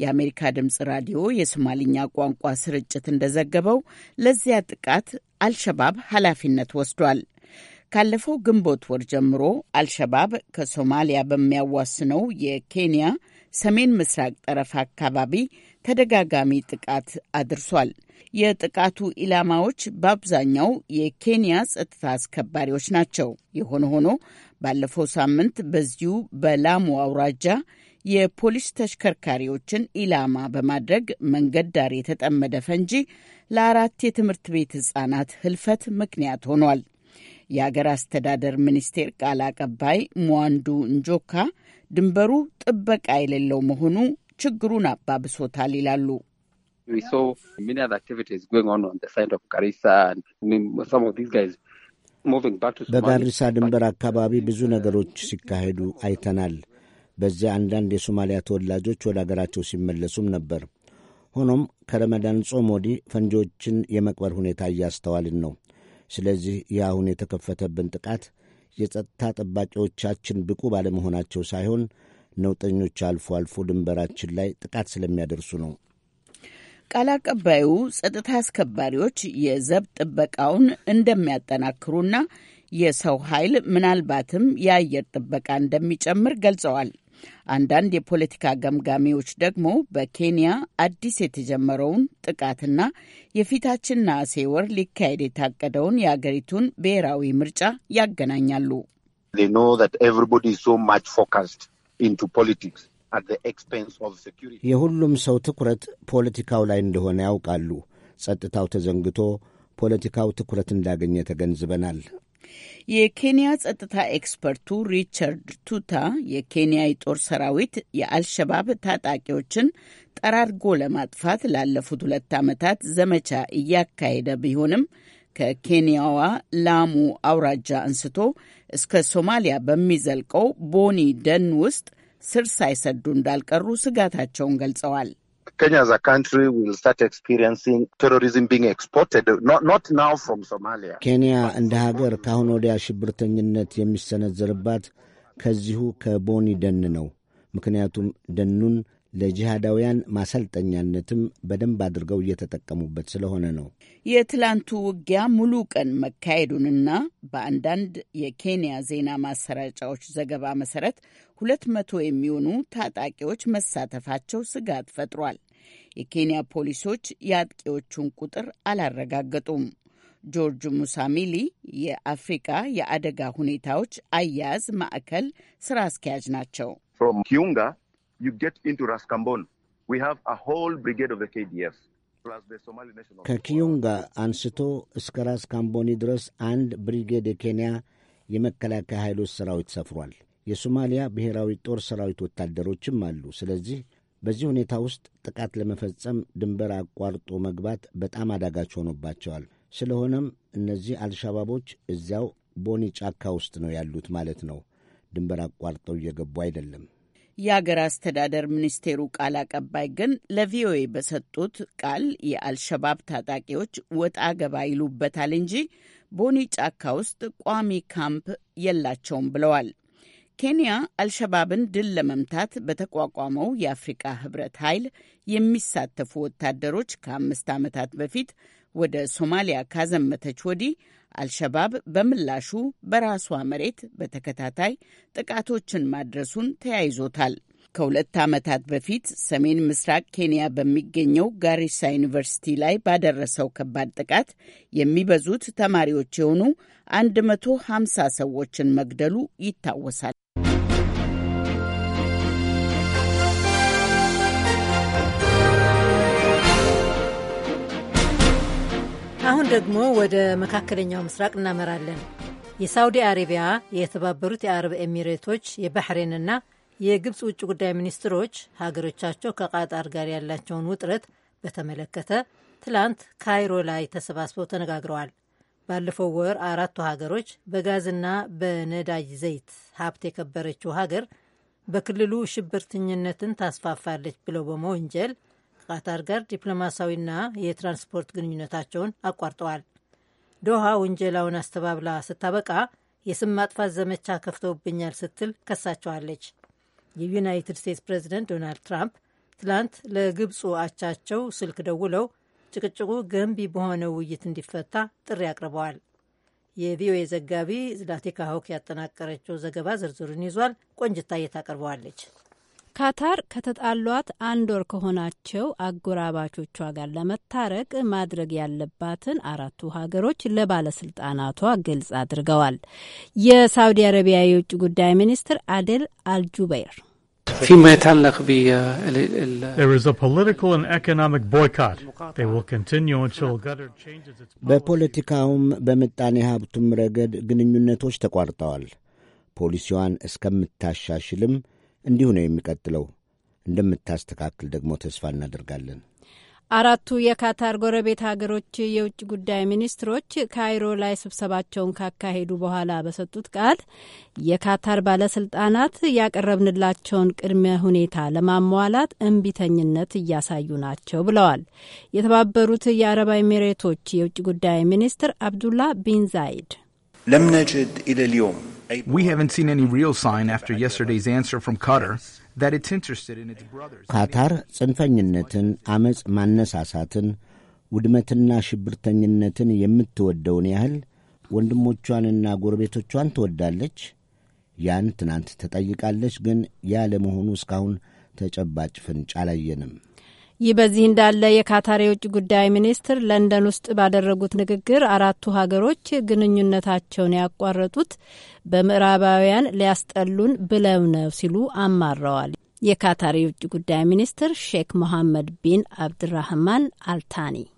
የአሜሪካ ድምፅ ራዲዮ የሶማልኛ ቋንቋ ስርጭት እንደዘገበው ለዚያ ጥቃት አልሸባብ ኃላፊነት ወስዷል። ካለፈው ግንቦት ወር ጀምሮ አልሸባብ ከሶማሊያ በሚያዋስነው የኬንያ ሰሜን ምስራቅ ጠረፍ አካባቢ ተደጋጋሚ ጥቃት አድርሷል። የጥቃቱ ኢላማዎች በአብዛኛው የኬንያ ጸጥታ አስከባሪዎች ናቸው። የሆነ ሆኖ ባለፈው ሳምንት በዚሁ በላሙ አውራጃ የፖሊስ ተሽከርካሪዎችን ኢላማ በማድረግ መንገድ ዳር የተጠመደ ፈንጂ ለአራት የትምህርት ቤት ህጻናት ህልፈት ምክንያት ሆኗል። የአገር አስተዳደር ሚኒስቴር ቃል አቀባይ ሙዋንዱ እንጆካ ድንበሩ ጥበቃ የሌለው መሆኑ ችግሩን አባብሶታል ይላሉ። በጋሪሳ ድንበር አካባቢ ብዙ ነገሮች ሲካሄዱ አይተናል። በዚያ አንዳንድ የሶማሊያ ተወላጆች ወደ አገራቸው ሲመለሱም ነበር። ሆኖም ከረመዳን ጾም ወዲህ ፈንጂዎችን የመቅበር ሁኔታ እያስተዋልን ነው። ስለዚህ የአሁን አሁን የተከፈተብን ጥቃት የጸጥታ ጠባቂዎቻችን ብቁ ባለመሆናቸው ሳይሆን ነውጠኞች አልፎ አልፎ ድንበራችን ላይ ጥቃት ስለሚያደርሱ ነው። ቃል አቀባዩ ጸጥታ አስከባሪዎች የዘብ ጥበቃውን እንደሚያጠናክሩና የሰው ኃይል ምናልባትም የአየር ጥበቃ እንደሚጨምር ገልጸዋል። አንዳንድ የፖለቲካ ገምጋሚዎች ደግሞ በኬንያ አዲስ የተጀመረውን ጥቃትና የፊታችን ነሐሴ ወር ሊካሄድ የታቀደውን የአገሪቱን ብሔራዊ ምርጫ ያገናኛሉ። የሁሉም ሰው ትኩረት ፖለቲካው ላይ እንደሆነ ያውቃሉ። ጸጥታው ተዘንግቶ ፖለቲካው ትኩረት እንዳገኘ ተገንዝበናል። የኬንያ ጸጥታ ኤክስፐርቱ ሪቻርድ ቱታ የኬንያ የጦር ሰራዊት የአልሸባብ ታጣቂዎችን ጠራርጎ ለማጥፋት ላለፉት ሁለት ዓመታት ዘመቻ እያካሄደ ቢሆንም ከኬንያዋ ላሙ አውራጃ አንስቶ እስከ ሶማሊያ በሚዘልቀው ቦኒ ደን ውስጥ ስር ሳይሰዱ እንዳልቀሩ ስጋታቸውን ገልጸዋል። Kenya as a country will start experiencing terrorism being exported, not, not now from Somalia. ኬንያ እንደ ሀገር ከአሁን ወዲያ ሽብርተኝነት የሚሰነዘርባት ከዚሁ ከቦኒ ደን ነው። ምክንያቱም ደኑን ለጂሃዳውያን ማሰልጠኛነትም በደንብ አድርገው እየተጠቀሙበት ስለሆነ ነው። የትላንቱ ውጊያ ሙሉ ቀን መካሄዱንና በአንዳንድ የኬንያ ዜና ማሰራጫዎች ዘገባ መሰረት ሁለት መቶ የሚሆኑ ታጣቂዎች መሳተፋቸው ስጋት ፈጥሯል። የኬንያ ፖሊሶች የአጥቂዎቹን ቁጥር አላረጋገጡም። ጆርጅ ሙሳሚሊ የአፍሪካ የአደጋ ሁኔታዎች አያያዝ ማዕከል ስራ አስኪያጅ ናቸው። ከኪዩንጋ አንስቶ እስከ ራስ ካምቦኒ ድረስ አንድ ብሪጌድ የኬንያ የመከላከያ ኃይሎች ሰራዊት ሰፍሯል። የሶማሊያ ብሔራዊ ጦር ሰራዊት ወታደሮችም አሉ። ስለዚህ በዚህ ሁኔታ ውስጥ ጥቃት ለመፈጸም ድንበር አቋርጦ መግባት በጣም አዳጋች ሆኖባቸዋል። ስለሆነም እነዚህ አልሻባቦች እዚያው ቦኒ ጫካ ውስጥ ነው ያሉት ማለት ነው። ድንበር አቋርጠው እየገቡ አይደለም። የአገር አስተዳደር ሚኒስቴሩ ቃል አቀባይ ግን ለቪኦኤ በሰጡት ቃል የአልሸባብ ታጣቂዎች ወጣ ገባ ይሉበታል እንጂ ቦኒ ጫካ ውስጥ ቋሚ ካምፕ የላቸውም ብለዋል። ኬንያ አልሸባብን ድል ለመምታት በተቋቋመው የአፍሪቃ ህብረት ኃይል የሚሳተፉ ወታደሮች ከአምስት ዓመታት በፊት ወደ ሶማሊያ ካዘመተች ወዲህ አልሸባብ በምላሹ በራሷ መሬት በተከታታይ ጥቃቶችን ማድረሱን ተያይዞታል። ከሁለት ዓመታት በፊት ሰሜን ምስራቅ ኬንያ በሚገኘው ጋሪሳ ዩኒቨርሲቲ ላይ ባደረሰው ከባድ ጥቃት የሚበዙት ተማሪዎች የሆኑ 150 ሰዎችን መግደሉ ይታወሳል። ደግሞ ወደ መካከለኛው ምስራቅ እናመራለን። የሳውዲ አረቢያ፣ የተባበሩት የአረብ ኤሚሬቶች፣ የባሕሬንና የግብፅ ውጭ ጉዳይ ሚኒስትሮች ሀገሮቻቸው ከቃጣር ጋር ያላቸውን ውጥረት በተመለከተ ትላንት ካይሮ ላይ ተሰባስበው ተነጋግረዋል። ባለፈው ወር አራቱ ሀገሮች በጋዝና በነዳጅ ዘይት ሀብት የከበረችው ሀገር በክልሉ ሽብርተኝነትን ታስፋፋለች ብለው በመወንጀል ከቃታር ጋር ዲፕሎማሲያዊና የትራንስፖርት ግንኙነታቸውን አቋርጠዋል። ዶሃ ውንጀላውን አስተባብላ ስታበቃ የስም ማጥፋት ዘመቻ ከፍተውብኛል ስትል ከሳቸዋለች። የዩናይትድ ስቴትስ ፕሬዚደንት ዶናልድ ትራምፕ ትላንት ለግብፁ አቻቸው ስልክ ደውለው ጭቅጭቁ ገንቢ በሆነ ውይይት እንዲፈታ ጥሪ አቅርበዋል። የቪኦኤ ዘጋቢ ዝላቴካ ሆክ ያጠናቀረችው ዘገባ ዝርዝሩን ይዟል። ቆንጅታዬ ታቀርበዋለች። ካታር ከተጣሏት አንድ ወር ከሆናቸው አጎራባቾቿ ጋር ለመታረቅ ማድረግ ያለባትን አራቱ ሀገሮች ለባለስልጣናቷ ግልጽ አድርገዋል። የሳውዲ አረቢያ የውጭ ጉዳይ ሚኒስትር አደል አልጁበይር በፖለቲካውም በምጣኔ ሀብቱም ረገድ ግንኙነቶች ተቋርጠዋል። ፖሊሲዋን እስከምታሻሽልም እንዲሁ ነው የሚቀጥለው። እንደምታስተካክል ደግሞ ተስፋ እናደርጋለን። አራቱ የካታር ጎረቤት ሀገሮች የውጭ ጉዳይ ሚኒስትሮች ካይሮ ላይ ስብሰባቸውን ካካሄዱ በኋላ በሰጡት ቃል የካታር ባለስልጣናት ያቀረብንላቸውን ቅድመ ሁኔታ ለማሟላት እምቢተኝነት እያሳዩ ናቸው ብለዋል። የተባበሩት የአረብ ኤሚሬቶች የውጭ ጉዳይ ሚኒስትር አብዱላ ቢን ዛይድ ለምነጅድ ኢለልዮም Qatar, ጽንፈኝነትን፣ ዐመፅ ማነሳሳትን፣ ውድመትና ሽብርተኝነትን የምትወደውን ያህል ወንድሞቿንና ጎረቤቶቿን ትወዳለች? ያን ትናንት ተጠይቃለች። ግን ያ ለመሆኑ እስካሁን ተጨባጭ ፍንጭ አላየንም። ይህ በዚህ እንዳለ የካታር የውጭ ጉዳይ ሚኒስትር ለንደን ውስጥ ባደረጉት ንግግር አራቱ ሀገሮች ግንኙነታቸውን ያቋረጡት በምዕራባውያን ሊያስጠሉን ብለው ነው ሲሉ አማረዋል። የካታር የውጭ ጉዳይ ሚኒስትር ሼክ ሞሐመድ ቢን አብድራህማን አልታኒ uh,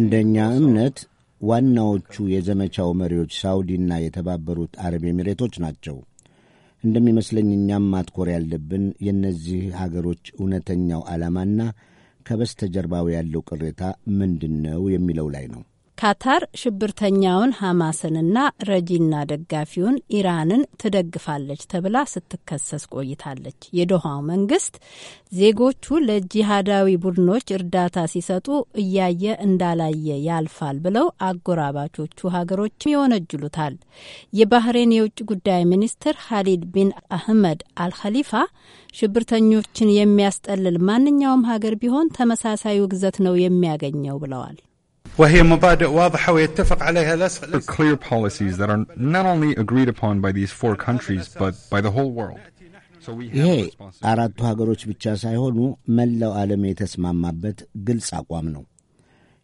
እንደኛ እምነት ዋናዎቹ የዘመቻው መሪዎች ሳውዲና የተባበሩት አረብ ኤሚሬቶች ናቸው። እንደሚመስለኝ እኛም ማትኮር ያለብን የእነዚህ ሀገሮች እውነተኛው ዓላማና ከበስተጀርባው ያለው ቅሬታ ምንድን ነው የሚለው ላይ ነው። ካታር ሽብርተኛውን ሐማስንና ረጂና ደጋፊውን ኢራንን ትደግፋለች ተብላ ስትከሰስ ቆይታለች። የዶሃው መንግስት ዜጎቹ ለጂሃዳዊ ቡድኖች እርዳታ ሲሰጡ እያየ እንዳላየ ያልፋል ብለው አጎራባቾቹ ሀገሮችም ይወነጅሉታል። የባህሬን የውጭ ጉዳይ ሚኒስትር ሀሊድ ቢን አህመድ አልኸሊፋ ሽብርተኞችን የሚያስጠልል ማንኛውም ሀገር ቢሆን ተመሳሳይ ውግዘት ነው የሚያገኘው ብለዋል። clear policies that are not only agreed upon by these four countries, but by the whole world. ይሄ አራቱ ሀገሮች ብቻ ሳይሆኑ መላው ዓለም የተስማማበት ግልጽ አቋም ነው።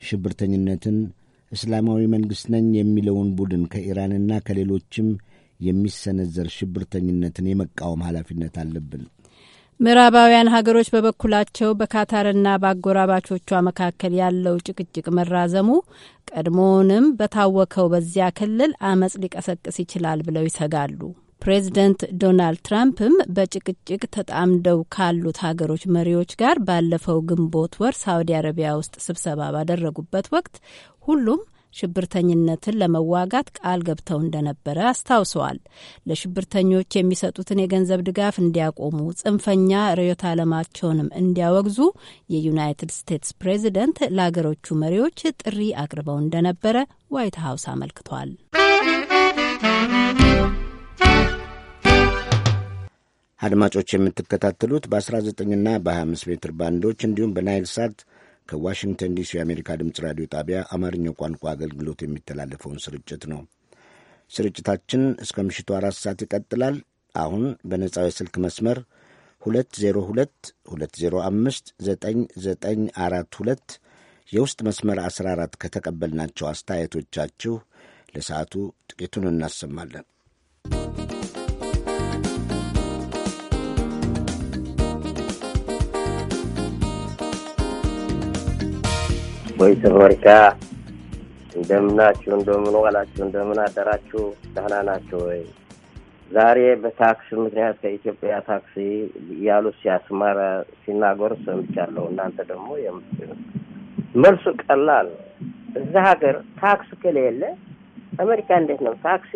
ሽብርተኝነትን እስላማዊ መንግሥት ነኝ የሚለውን ቡድን ከኢራንና ከሌሎችም የሚሰነዘር ሽብርተኝነትን የመቃወም ኃላፊነት አለብን። ምዕራባውያን ሀገሮች በበኩላቸው በካታርና በአጎራባቾቿ መካከል ያለው ጭቅጭቅ መራዘሙ ቀድሞውንም በታወከው በዚያ ክልል አመጽ ሊቀሰቅስ ይችላል ብለው ይሰጋሉ። ፕሬዚደንት ዶናልድ ትራምፕም በጭቅጭቅ ተጣምደው ካሉት ሀገሮች መሪዎች ጋር ባለፈው ግንቦት ወር ሳውዲ አረቢያ ውስጥ ስብሰባ ባደረጉበት ወቅት ሁሉም ሽብርተኝነትን ለመዋጋት ቃል ገብተው እንደነበረ አስታውሰዋል። ለሽብርተኞች የሚሰጡትን የገንዘብ ድጋፍ እንዲያቆሙ፣ ጽንፈኛ ርዕዮተ ዓለማቸውንም እንዲያወግዙ የዩናይትድ ስቴትስ ፕሬዚደንት ለአገሮቹ መሪዎች ጥሪ አቅርበው እንደነበረ ዋይት ሀውስ አመልክቷል። አድማጮች የምትከታተሉት በ19ና በ25 ሜትር ባንዶች እንዲሁም በናይል ሳት ከዋሽንግተን ዲሲ የአሜሪካ ድምፅ ራዲዮ ጣቢያ አማርኛው ቋንቋ አገልግሎት የሚተላለፈውን ስርጭት ነው። ስርጭታችን እስከ ምሽቱ አራት ሰዓት ይቀጥላል። አሁን በነጻው የስልክ መስመር 2022059942 የውስጥ መስመር 14 ከተቀበልናቸው አስተያየቶቻችሁ ለሰዓቱ ጥቂቱን እናሰማለን። ቮይስ ኦፍ አሜሪካ እንደምናችሁ፣ እንደምን ዋላችሁ፣ እንደምን አደራችሁ፣ ደህና ናችሁ ወይ? ዛሬ በታክስ ምክንያት ከኢትዮጵያ ታክሲ እያሉ ሲያስማረ ሲናገሩ ሰምቻለሁ። እናንተ ደግሞ መልሱ ቀላል እዛ ሀገር ታክስ ከሌለ አሜሪካ እንዴት ነው ታክሲ?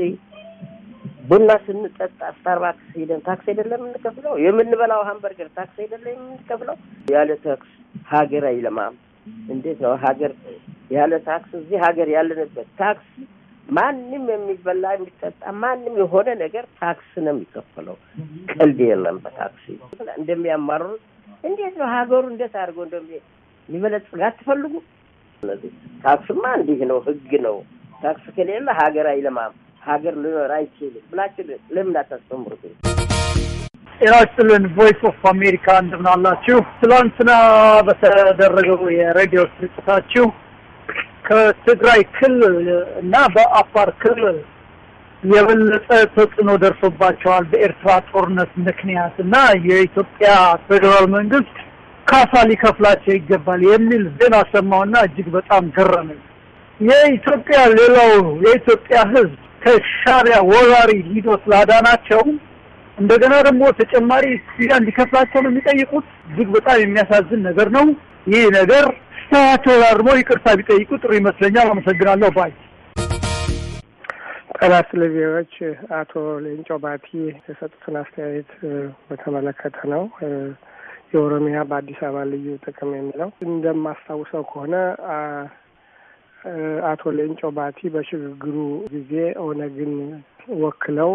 ቡና ስንጠጣ ስታርባክስ ሄደን ታክስ አይደለም የምንከፍለው? የምንበላው ሀምበርገር ታክስ አይደለም የምንከፍለው? ያለ ታክስ ሀገር አይለማም። እንዴት ነው ሀገር ያለ ታክስ? እዚህ ሀገር ያለንበት ታክስ ማንም የሚበላ የሚጠጣ ማንም የሆነ ነገር ታክስ ነው የሚከፈለው። ቀልድ የለም በታክሲ እንደሚያማሩ እንዴት ነው ሀገሩ እንዴት አድርገው እንደሚበለጽግ አትፈልጉ? ታክስማ እንዲህ ነው፣ ህግ ነው። ታክስ ከሌለ ሀገር አይለማም፣ ሀገር ልኖር አይችልም ብላችሁ ለምን አታስተምሩት? ጤና ይስጥልን። ቮይስ ኦፍ አሜሪካ እንደምናላችሁ። አላችሁ? ትላንትና በተደረገው የሬዲዮ ስርጭታችሁ ከትግራይ ክልል እና በአፋር ክልል የበለጠ ተጽዕኖ ደርሶባቸዋል በኤርትራ ጦርነት ምክንያት እና የኢትዮጵያ ፌዴራል መንግስት ካሳ ሊከፍላቸው ይገባል የሚል ዜና ሰማሁና እጅግ በጣም ገረመኝ። የኢትዮጵያ ሌላው የኢትዮጵያ ሕዝብ ከሻሪያ ወራሪ ሂዶ ስላዳናቸውም እንደገና ደግሞ ተጨማሪ ፊዳ እንዲከፍላቸው ነው የሚጠይቁት። እጅግ በጣም የሚያሳዝን ነገር ነው። ይህ ነገር ስታያቸው ላርሞ ይቅርታ ቢጠይቁ ጥሩ ይመስለኛል። አመሰግናለሁ ባይ ጠናት ስለዜዎች አቶ ሌንጮ ባቲ የሰጡትን አስተያየት በተመለከተ ነው። የኦሮሚያ በአዲስ አበባ ልዩ ጥቅም የሚለው እንደማስታውሰው ከሆነ አቶ ሌንጮ ባቲ በሽግግሩ ጊዜ ኦነግን ወክለው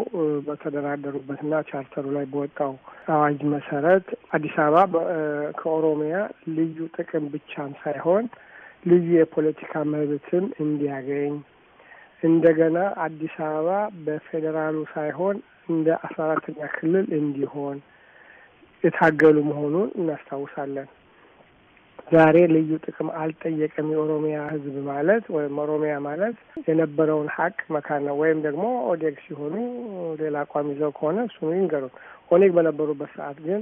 በተደራደሩበትና ቻርተሩ ላይ በወጣው አዋጅ መሰረት አዲስ አበባ ከኦሮሚያ ልዩ ጥቅም ብቻም ሳይሆን ልዩ የፖለቲካ መብትም እንዲያገኝ እንደገና አዲስ አበባ በፌዴራሉ ሳይሆን እንደ አስራ አራተኛ ክልል እንዲሆን የታገሉ መሆኑን እናስታውሳለን። ዛሬ ልዩ ጥቅም አልጠየቀም። የኦሮሚያ ህዝብ ማለት ወይም ኦሮሚያ ማለት የነበረውን ሀቅ መካን ነው። ወይም ደግሞ ኦዴግ ሲሆኑ ሌላ አቋም ይዘው ከሆነ እሱኑ ይንገሩ። ኦኔግ በነበሩበት ሰዓት ግን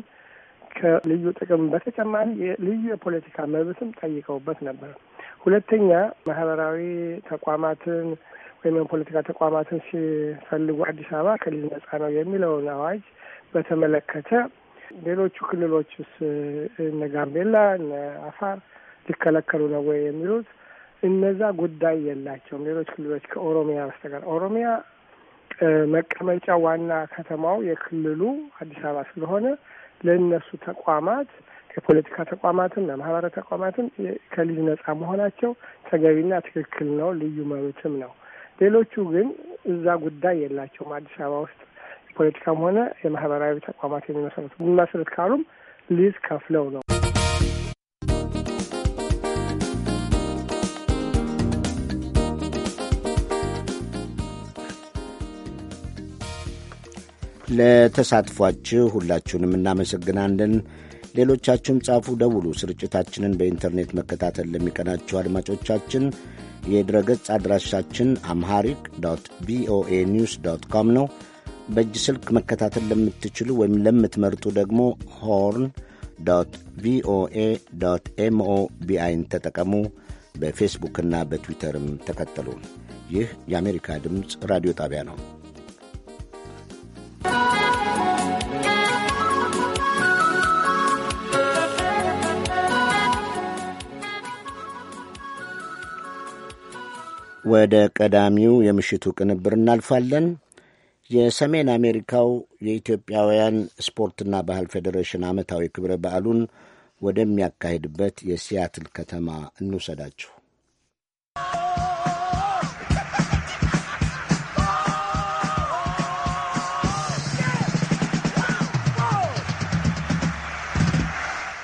ከልዩ ጥቅም በተጨማሪ ልዩ የፖለቲካ መብትም ጠይቀውበት ነበር። ሁለተኛ ማህበራዊ ተቋማትን ወይም የፖለቲካ ተቋማትን ሲፈልጉ አዲስ አበባ ከሊዝ ነጻ ነው የሚለውን አዋጅ በተመለከተ ሌሎቹ ክልሎችስ እነ ጋምቤላ እነ አፋር ሊከለከሉ ነው ወይ የሚሉት እነዛ ጉዳይ የላቸውም። ሌሎች ክልሎች ከኦሮሚያ በስተቀር ኦሮሚያ መቀመጫ ዋና ከተማው የክልሉ አዲስ አበባ ስለሆነ ለእነሱ ተቋማት የፖለቲካ ተቋማትም ለማህበረ ተቋማትም ከሊዝ ነጻ መሆናቸው ተገቢና ትክክል ነው፣ ልዩ መብትም ነው። ሌሎቹ ግን እዛ ጉዳይ የላቸውም። አዲስ አበባ ውስጥ ፖለቲካም ሆነ የማህበራዊ ተቋማት የሚመሰረቱ ልንመሰርት ካሉም ሊዝ ከፍለው ነው። ለተሳትፏችሁ ሁላችሁንም እናመሰግናለን። ሌሎቻችሁም ጻፉ፣ ደውሉ። ስርጭታችንን በኢንተርኔት መከታተል ለሚቀናችሁ አድማጮቻችን የድረገጽ አድራሻችን አምሃሪክ ዶት ቪኦኤ ኒውስ ዶት ኮም ነው። በእጅ ስልክ መከታተል ለምትችሉ ወይም ለምትመርጡ ደግሞ ሆርን ዶት ቪኦኤ ዶት ኤምኦ ቢአይን ተጠቀሙ። በፌስቡክና በትዊተርም ተከተሉ። ይህ የአሜሪካ ድምፅ ራዲዮ ጣቢያ ነው። ወደ ቀዳሚው የምሽቱ ቅንብር እናልፋለን። የሰሜን አሜሪካው የኢትዮጵያውያን ስፖርትና ባህል ፌዴሬሽን ዓመታዊ ክብረ በዓሉን ወደሚያካሂድበት የሲያትል ከተማ እንውሰዳችሁ።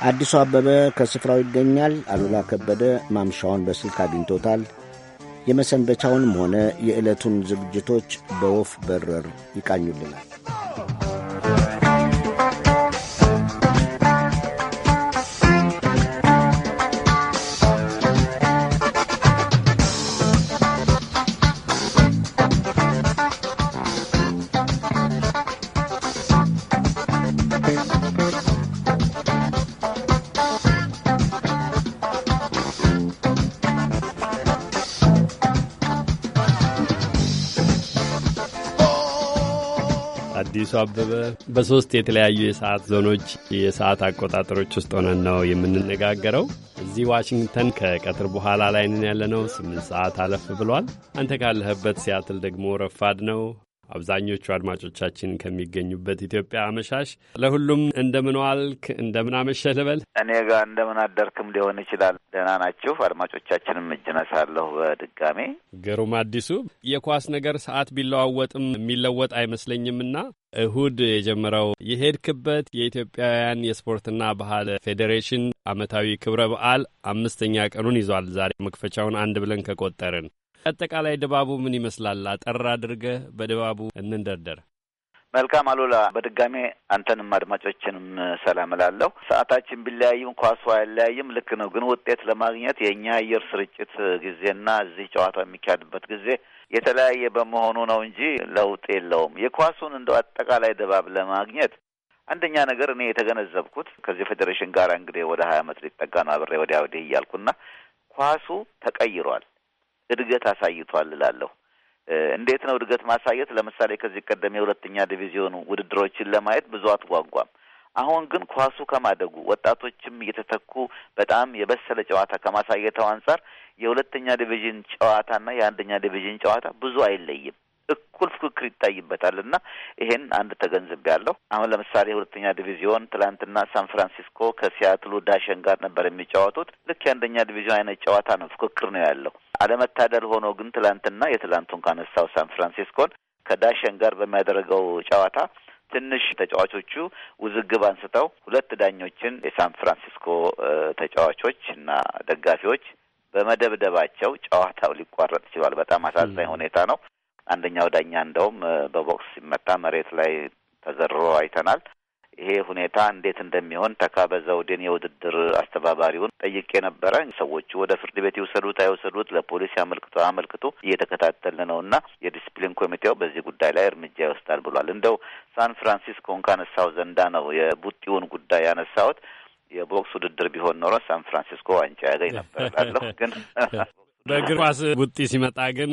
አዲሱ አበበ ከስፍራው ይገኛል። አሉላ ከበደ ማምሻውን በስልክ አግኝቶታል። የመሰንበቻውንም ሆነ የዕለቱን ዝግጅቶች በወፍ በረር ይቃኙልናል። አዲሱ አበበ በሶስት የተለያዩ የሰዓት ዞኖች የሰዓት አቆጣጠሮች ውስጥ ሆነን ነው የምንነጋገረው። እዚህ ዋሽንግተን ከቀትር በኋላ ላይንን ያለነው፣ ስምንት ሰዓት አለፍ ብሏል። አንተ ካለህበት ሲያትል ደግሞ ረፋድ ነው። አብዛኞቹ አድማጮቻችን ከሚገኙበት ኢትዮጵያ አመሻሽ ለሁሉም እንደምን ዋልክ እንደምን አመሸህ ልበል። እኔ ጋር እንደምን አደርክም ሊሆን ይችላል። ደህና ናችሁ አድማጮቻችንም እጅ ነሳለሁ። በድጋሜ ግሩም አዲሱ የኳስ ነገር ሰዓት ቢለዋወጥም የሚለወጥ አይመስለኝምና እሁድ የጀመረው የሄድክበት የኢትዮጵያውያን የስፖርትና ባህል ፌዴሬሽን አመታዊ ክብረ በዓል አምስተኛ ቀኑን ይዟል። ዛሬ መክፈቻውን አንድ ብለን ከቆጠርን አጠቃላይ ድባቡ ምን ይመስላል? አጠር አድርገህ በድባቡ እንንደርደር። መልካም አሉላ፣ በድጋሜ አንተንም አድማጮችንም ሰላም እላለሁ። ሰዓታችን ቢለያይም ኳሱ አይለያይም። ልክ ነው፣ ግን ውጤት ለማግኘት የእኛ አየር ስርጭት ጊዜና እዚህ ጨዋታ የሚካሄድበት ጊዜ የተለያየ በመሆኑ ነው እንጂ ለውጥ የለውም። የኳሱን እንደው አጠቃላይ ድባብ ለማግኘት አንደኛ ነገር እኔ የተገነዘብኩት ከዚህ ፌዴሬሽን ጋር እንግዲህ ወደ ሀያ ዓመት ሊጠጋ ነው አብሬ ወዲያ ወዲህ እያልኩና ኳሱ ተቀይሯል። እድገት አሳይቷል እላለሁ። እንዴት ነው እድገት ማሳየት? ለምሳሌ ከዚህ ቀደም የሁለተኛ ዲቪዚዮን ውድድሮችን ለማየት ብዙ አትጓጓም። አሁን ግን ኳሱ ከማደጉ ወጣቶችም እየተተኩ በጣም የበሰለ ጨዋታ ከማሳየተው አንጻር የሁለተኛ ዲቪዥን ጨዋታና የአንደኛ ዲቪዥን ጨዋታ ብዙ አይለይም። እኩል ፉክክር ይታይበታል እና ይሄን አንድ ተገንዝብ ያለው አሁን ለምሳሌ ሁለተኛ ዲቪዚዮን ትላንትና ሳን ፍራንሲስኮ ከሲያትሉ ዳሸን ጋር ነበር የሚጫወቱት። ልክ የአንደኛ ዲቪዚዮን አይነት ጨዋታ ነው፣ ፉክክር ነው ያለው። አለመታደል ሆኖ ግን ትላንትና የትላንቱን ካነሳው ሳን ፍራንሲስኮን ከዳሸን ጋር በሚያደርገው ጨዋታ ትንሽ ተጫዋቾቹ ውዝግብ አንስተው ሁለት ዳኞችን የሳን ፍራንሲስኮ ተጫዋቾች እና ደጋፊዎች በመደብደባቸው ጨዋታው ሊቋረጥ ችሏል። በጣም አሳዛኝ ሁኔታ ነው። አንደኛው ዳኛ እንደውም በቦክስ ሲመታ መሬት ላይ ተዘርሮ አይተናል። ይሄ ሁኔታ እንዴት እንደሚሆን ተካበ ዘውዴን የውድድር አስተባባሪውን ጠይቄ ነበረ። ሰዎቹ ወደ ፍርድ ቤት ይውሰዱት አይወሰዱት፣ ለፖሊስ ያመልክቱ አመልክቱ፣ እየተከታተልን ነው እና የዲስፕሊን ኮሚቴው በዚህ ጉዳይ ላይ እርምጃ ይወስዳል ብሏል። እንደው ሳን ፍራንሲስኮን ካነሳው ዘንዳ ነው የቡጢውን ጉዳይ ያነሳሁት። የቦክስ ውድድር ቢሆን ኖሮ ሳን ፍራንሲስኮ ዋንጫ ያገኝ ነበር እላለሁ ግን በእግር ኳስ ውጢ ሲመጣ ግን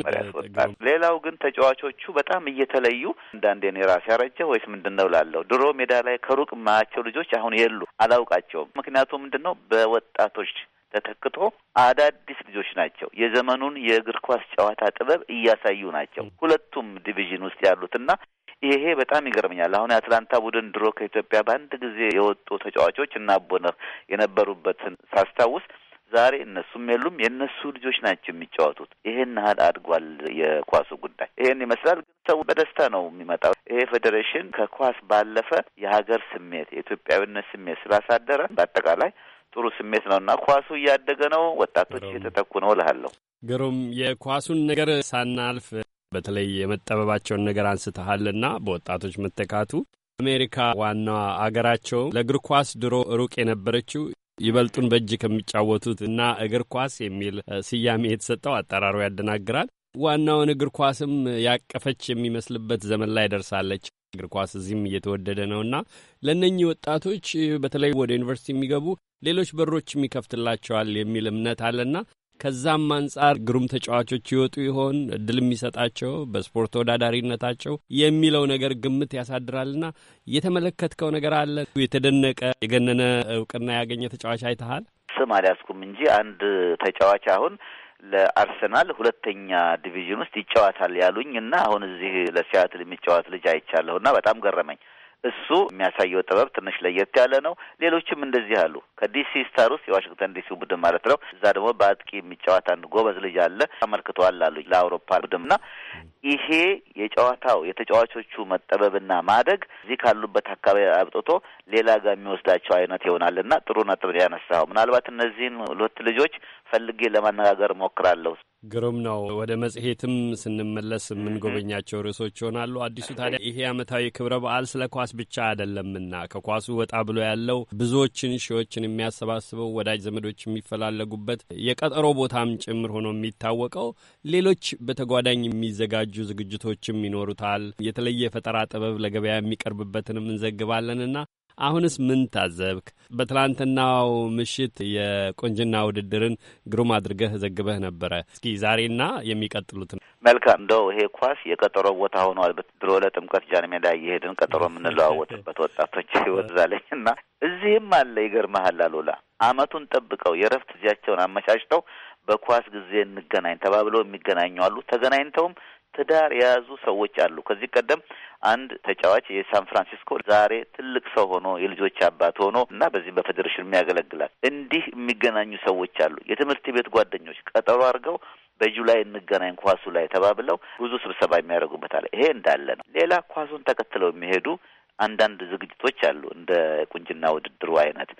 ሌላው ግን ተጫዋቾቹ በጣም እየተለዩ አንዳንዴ እኔ ራሴ ያረጀ ወይስ ምንድን ነው ላለው ድሮ ሜዳ ላይ ከሩቅ ማያቸው ልጆች አሁን የሉ አላውቃቸውም። ምክንያቱ ምንድን ነው በወጣቶች ተተክቶ አዳዲስ ልጆች ናቸው። የዘመኑን የእግር ኳስ ጨዋታ ጥበብ እያሳዩ ናቸው ሁለቱም ዲቪዥን ውስጥ ያሉትና ይሄ በጣም ይገርመኛል። አሁን የአትላንታ ቡድን ድሮ ከኢትዮጵያ በአንድ ጊዜ የወጡ ተጫዋቾች እና የነበሩበትን ሳስታውስ ዛሬ እነሱም የሉም። የእነሱ ልጆች ናቸው የሚጫወቱት። ይሄን ያህል አድጓል የኳሱ ጉዳይ ይሄን ይመስላል። ግን ሰው በደስታ ነው የሚመጣው። ይሄ ፌዴሬሽን ከኳስ ባለፈ የሀገር ስሜት የኢትዮጵያዊነት ስሜት ስላሳደረ በአጠቃላይ ጥሩ ስሜት ነው እና ኳሱ እያደገ ነው። ወጣቶች እየተተኩ ነው እልሃለሁ። ግሩም የኳሱን ነገር ሳናልፍ በተለይ የመጠበባቸውን ነገር አንስተሃልና በወጣቶች መተካቱ አሜሪካ ዋናዋ አገራቸው ለእግር ኳስ ድሮ ሩቅ የነበረችው ይበልጡን በእጅ ከሚጫወቱት እና እግር ኳስ የሚል ስያሜ የተሰጠው አጠራሩ ያደናግራል። ዋናውን እግር ኳስም ያቀፈች የሚመስልበት ዘመን ላይ ደርሳለች። እግር ኳስ እዚህም እየተወደደ ነውና ለእነኚህ ወጣቶች በተለይ ወደ ዩኒቨርሲቲ የሚገቡ ሌሎች በሮች የሚከፍትላቸዋል የሚል እምነት አለና ከዛም አንጻር ግሩም ተጫዋቾች ይወጡ ይሆን እድል የሚሰጣቸው በስፖርት ተወዳዳሪነታቸው የሚለው ነገር ግምት ያሳድራልና የተመለከትከው ነገር አለ? የተደነቀ የገነነ እውቅና ያገኘ ተጫዋች አይተሃል? ስም አልያዝኩም እንጂ አንድ ተጫዋች አሁን ለአርሰናል ሁለተኛ ዲቪዥን ውስጥ ይጫወታል ያሉኝ እና አሁን እዚህ ለሲያትል የሚጫወት ልጅ አይቻለሁ እና በጣም ገረመኝ። እሱ የሚያሳየው ጥበብ ትንሽ ለየት ያለ ነው። ሌሎችም እንደዚህ አሉ። ከዲሲ ስታር ውስጥ የዋሽንግተን ዲሲ ቡድን ማለት ነው። እዛ ደግሞ በአጥቂ የሚጫወት አንድ ጎበዝ ልጅ አለ። አመልክተዋል አሉ ለአውሮፓ ቡድንና ይሄ የጨዋታው የተጫዋቾቹ መጠበብና ማደግ እዚህ ካሉበት አካባቢ አብጥቶ ሌላ ጋር የሚወስዳቸው አይነት ይሆናልና ጥሩ ነጥብ ያነሳው ምናልባት እነዚህን ሁለት ልጆች ፈልጌ ለማነጋገር እሞክራለሁ። ግሩም ነው። ወደ መጽሔትም ስንመለስ የምንጎበኛቸው ርዕሶች ይሆናሉ። አዲሱ ታዲያ ይሄ ዓመታዊ ክብረ በዓል ስለ ኳስ ብቻ አይደለምና ከኳሱ ወጣ ብሎ ያለው ብዙዎችን ሺዎችን የሚያሰባስበው ወዳጅ ዘመዶች የሚፈላለጉበት የቀጠሮ ቦታም ጭምር ሆኖ የሚታወቀው ሌሎች በተጓዳኝ የሚዘጋጁ ዝግጅቶችም ይኖሩታል። የተለየ ፈጠራ ጥበብ ለገበያ የሚቀርብበትንም እንዘግባለንና አሁንስ ምን ታዘብክ? በትላንትናው ምሽት የቆንጅና ውድድርን ግሩም አድርገህ ዘግበህ ነበረ። እስኪ ዛሬና የሚቀጥሉት መልካም እንደው ይሄ ኳስ የቀጠሮ ቦታ ሆኗል። ድሮ ለጥምቀት ጃን ሜዳ እየሄድን ቀጠሮ የምንለዋወጥበት ወጣቶች ህይወት ዛለኝ እና እዚህም አለ። ይገርመሃል አሉላ አመቱን ጠብቀው የረፍት እዚያቸውን አመቻችተው በኳስ ጊዜ እንገናኝ ተባብለው የሚገናኙ አሉ። ተገናኝተውም ትዳር የያዙ ሰዎች አሉ። ከዚህ ቀደም አንድ ተጫዋች የሳን ፍራንሲስኮ ዛሬ ትልቅ ሰው ሆኖ የልጆች አባት ሆኖ እና በዚህም በፌዴሬሽን ያገለግላል። እንዲህ የሚገናኙ ሰዎች አሉ። የትምህርት ቤት ጓደኞች ቀጠሮ አድርገው በጁላይ እንገናኝ ኳሱ ላይ ተባብለው ብዙ ስብሰባ የሚያደርጉበት አለ። ይሄ እንዳለ ነው። ሌላ ኳሱን ተከትለው የሚሄዱ አንዳንድ ዝግጅቶች አሉ፣ እንደ ቁንጅና ውድድሩ አይነት።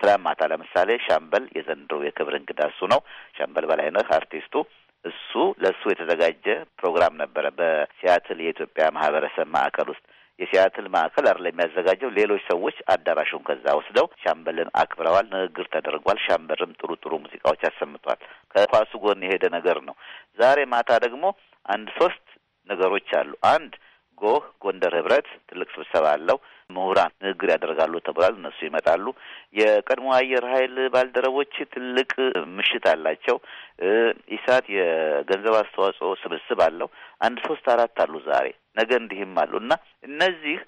ትናንት ማታ ለምሳሌ ሻምበል የዘንድሮ የክብር እንግዳ እሱ ነው። ሻምበል በላይነህ አርቲስቱ እሱ ለእሱ የተዘጋጀ ፕሮግራም ነበረ በሲያትል የኢትዮጵያ ማህበረሰብ ማዕከል ውስጥ የሲያትል ማዕከል አር የሚያዘጋጀው ሌሎች ሰዎች አዳራሹን ከዛ ወስደው ሻምበልን አክብረዋል። ንግግር ተደርጓል። ሻምበልም ጥሩ ጥሩ ሙዚቃዎች አሰምቷል። ከኳሱ ጎን የሄደ ነገር ነው። ዛሬ ማታ ደግሞ አንድ ሶስት ነገሮች አሉ። አንድ ጎህ ጎንደር ህብረት ትልቅ ስብሰባ አለው። ምሁራን ንግግር ያደርጋሉ ተብሏል። እነሱ ይመጣሉ። የቀድሞ አየር ኃይል ባልደረቦች ትልቅ ምሽት አላቸው። ኢሳት የገንዘብ አስተዋጽኦ ስብስብ አለው። አንድ ሶስት አራት አሉ ዛሬ ነገ እንዲህም አሉ እና እነዚህ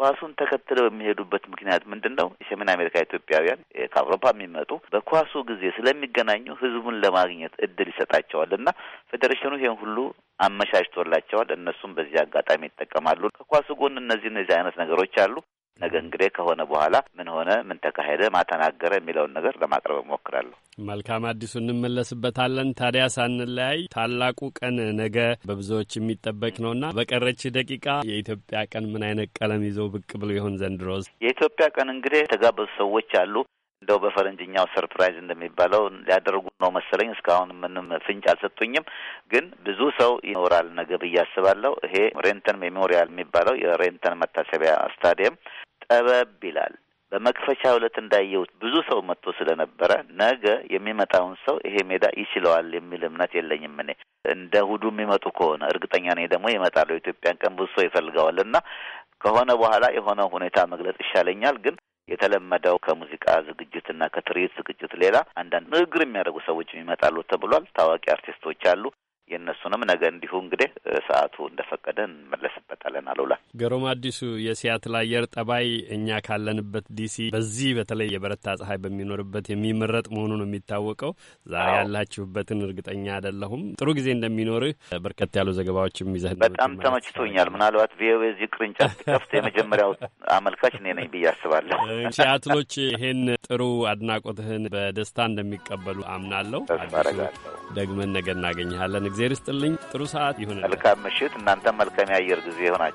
ኳሱን ተከትለው የሚሄዱበት ምክንያት ምንድን ነው? የሰሜን አሜሪካ ኢትዮጵያውያን ከአውሮፓ የሚመጡ በኳሱ ጊዜ ስለሚገናኙ ህዝቡን ለማግኘት እድል ይሰጣቸዋል እና ፌዴሬሽኑ ይህን ሁሉ አመቻችቶላቸዋል። እነሱም በዚህ አጋጣሚ ይጠቀማሉ። ከኳሱ ጎን እነዚህ እነዚህ አይነት ነገሮች አሉ። ነገ እንግዲህ ከሆነ በኋላ ምን ሆነ፣ ምን ተካሄደ፣ ማተናገረ የሚለውን ነገር ለማቅረብ እሞክራለሁ። መልካም አዲሱ፣ እንመለስበታለን። ታዲያ ሳንለያይ ታላቁ ቀን ነገ በብዙዎች የሚጠበቅ ነውና በቀረች ደቂቃ የኢትዮጵያ ቀን ምን አይነት ቀለም ይዘው ብቅ ብሎ ይሆን ዘንድሮስ? የኢትዮጵያ ቀን እንግዲህ የተጋበዙ ሰዎች አሉ። እንደው በፈረንጅኛው ሰርፕራይዝ እንደሚባለው ሊያደርጉ ነው መሰለኝ። እስካሁን ምንም ፍንጭ አልሰጡኝም፣ ግን ብዙ ሰው ይኖራል ነገ ብዬ አስባለሁ። ይሄ ሬንተን ሜሞሪያል የሚባለው የሬንተን መታሰቢያ ስታዲየም ጠበብ ይላል። በመክፈቻ ዕለት እንዳየሁት ብዙ ሰው መጥቶ ስለነበረ ነገ የሚመጣውን ሰው ይሄ ሜዳ ይችለዋል የሚል እምነት የለኝም። እኔ እንደ ሁዱ የሚመጡ ከሆነ እርግጠኛ ነኝ ደግሞ ይመጣሉ። ኢትዮጵያን ቀን ብዙ ሰው ይፈልገዋል እና ከሆነ በኋላ የሆነ ሁኔታ መግለጽ ይሻለኛል ግን የተለመደው ከሙዚቃ ዝግጅትና ከትርኢት ዝግጅት ሌላ አንዳንድ ንግግር የሚያደርጉ ሰዎች ይመጣሉ ተብሏል። ታዋቂ አርቲስቶች አሉ። የእነሱንም ነገ እንዲሁ እንግዲህ ሰዓቱ እንደፈቀደ እንመለስበታለን። አሉላ ገሮም አዲሱ የሲያትል አየር ጠባይ እኛ ካለንበት ዲሲ በዚህ በተለይ የበረታ ፀሐይ በሚኖርበት የሚመረጥ መሆኑ ነው የሚታወቀው። ዛሬ ያላችሁበትን እርግጠኛ አይደለሁም። ጥሩ ጊዜ እንደሚኖርህ በርከት ያሉ ዘገባዎች የሚዘህ በጣም ተመችቶኛል። ምናልባት ቪኦኤ እዚህ ቅርንጫፍ ከፍቶ የመጀመሪያው አመልካች እኔ ነኝ ብዬ አስባለሁ። ሲያትሎች ይሄን ጥሩ አድናቆትህን በደስታ እንደሚቀበሉ አምናለሁ። ደግመን ነገ እናገኘሃለን። እግዜር ይስጥልኝ። ጥሩ ሰዓት ይሁን። መልካም ምሽት። እናንተም መልካም የአየር ጊዜ ይሆናል።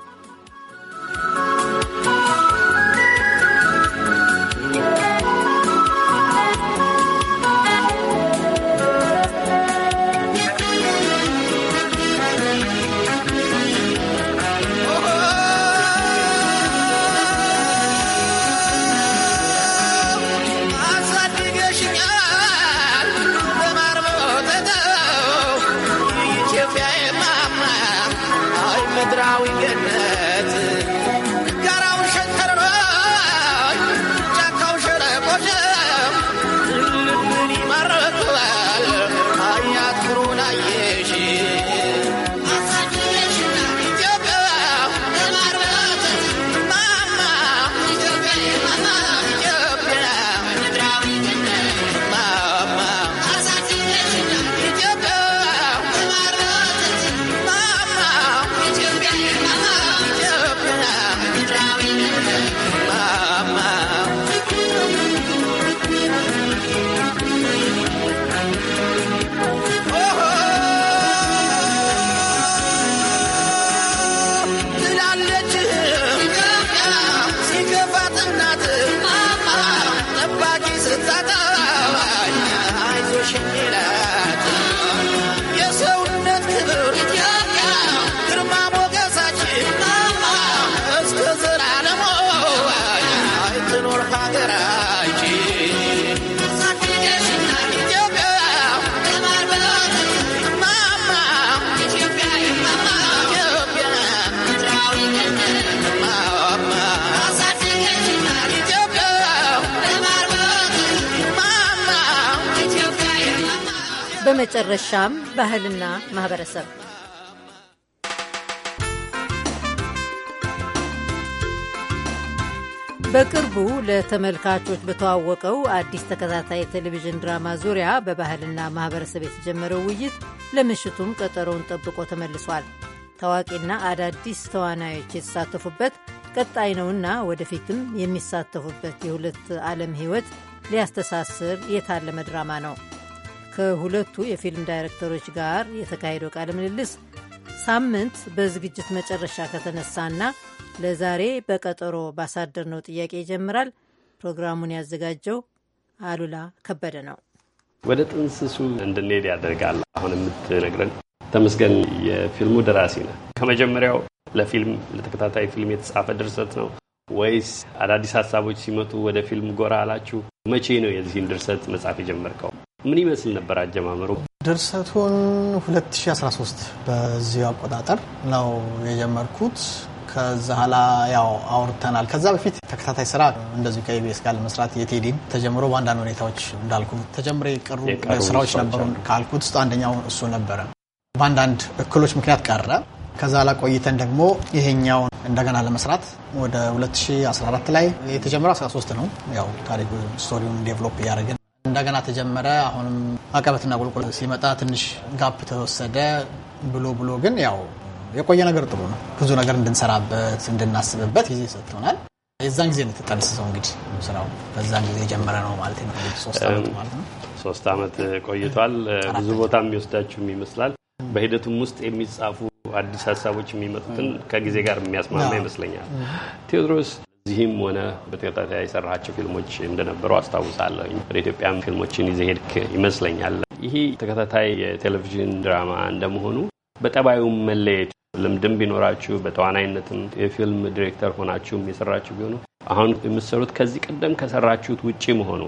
ለተመልካቾች በተዋወቀው አዲስ ተከታታይ የቴሌቪዥን ድራማ ዙሪያ በባህልና ማህበረሰብ የተጀመረው ውይይት ለምሽቱም ቀጠሮውን ጠብቆ ተመልሷል። ታዋቂና አዳዲስ ተዋናዮች የተሳተፉበት ቀጣይ ነውና ወደፊትም የሚሳተፉበት የሁለት ዓለም ሕይወት ሊያስተሳስር የታለመ ድራማ ነው። ከሁለቱ የፊልም ዳይሬክተሮች ጋር የተካሄደው ቃለ ምልልስ ሳምንት በዝግጅት መጨረሻ ከተነሳና ለዛሬ በቀጠሮ ባሳደርነው ጥያቄ ይጀምራል። ፕሮግራሙን ያዘጋጀው አሉላ ከበደ ነው። ወደ ጥንስሱ እንድንሄድ ያደርጋል። አሁን የምትነግረን ተመስገን የፊልሙ ደራሲ ነው። ከመጀመሪያው ለፊልም ለተከታታይ ፊልም የተጻፈ ድርሰት ነው ወይስ አዳዲስ ሀሳቦች ሲመጡ ወደ ፊልም ጎራ አላችሁ? መቼ ነው የዚህን ድርሰት መጻፍ የጀመርከው? ምን ይመስል ነበር አጀማመሩ? ድርሰቱን 2013 በዚሁ አቆጣጠር ነው የጀመርኩት። ከዛ ኋላ ያው አውርተናል። ከዛ በፊት ተከታታይ ስራ እንደዚሁ ከኢቢኤስ ጋር ለመስራት የቴዲን ተጀምሮ በአንዳንድ ሁኔታዎች እንዳልኩ ተጀምሮ የቀሩ ስራዎች ነበሩ ካልኩት ውስጥ አንደኛው እሱ ነበረ። በአንዳንድ እክሎች ምክንያት ቀረ። ከዛ ኋላ ቆይተን ደግሞ ይሄኛውን እንደገና ለመስራት ወደ 2014 ላይ የተጀመረ 13 ነው። ያው ታሪኩ ስቶሪውን ዴቨሎፕ እያደረግን እንደገና ተጀመረ። አሁንም አቀበትና ቁልቁል ሲመጣ ትንሽ ጋፕ ተወሰደ ብሎ ብሎ ግን ያው የቆየ ነገር ጥሩ ነው። ብዙ ነገር እንድንሰራበት እንድናስብበት ጊዜ ሰጥቶናል። የዛን ጊዜ ነው የተጠነሰሰው። እንግዲህ ስራው በዛን ጊዜ የጀመረ ነው ማለት ነው። ሶስት ማለት ነው። ሶስት አመት ቆይቷል። ብዙ ቦታ የሚወስዳችሁም ይመስላል። በሂደቱም ውስጥ የሚጻፉ አዲስ ሀሳቦች የሚመጡትን ከጊዜ ጋር የሚያስማማ ይመስለኛል። ቴዎድሮስ እዚህም ሆነ በተከታታይ የሰራቸው ፊልሞች እንደነበሩ አስታውሳለሁ። ወደ ኢትዮጵያም ፊልሞችን ይዘህ ሄድክ ይመስለኛል። ይሄ ተከታታይ የቴሌቪዥን ድራማ እንደመሆኑ በጠባዩም መለየት ልምድም ቢኖራችሁ በተዋናይነትም የፊልም ዲሬክተር ሆናችሁም የሰራችሁ ቢሆኑ አሁን የምትሰሩት ከዚህ ቀደም ከሰራችሁት ውጪ መሆኑ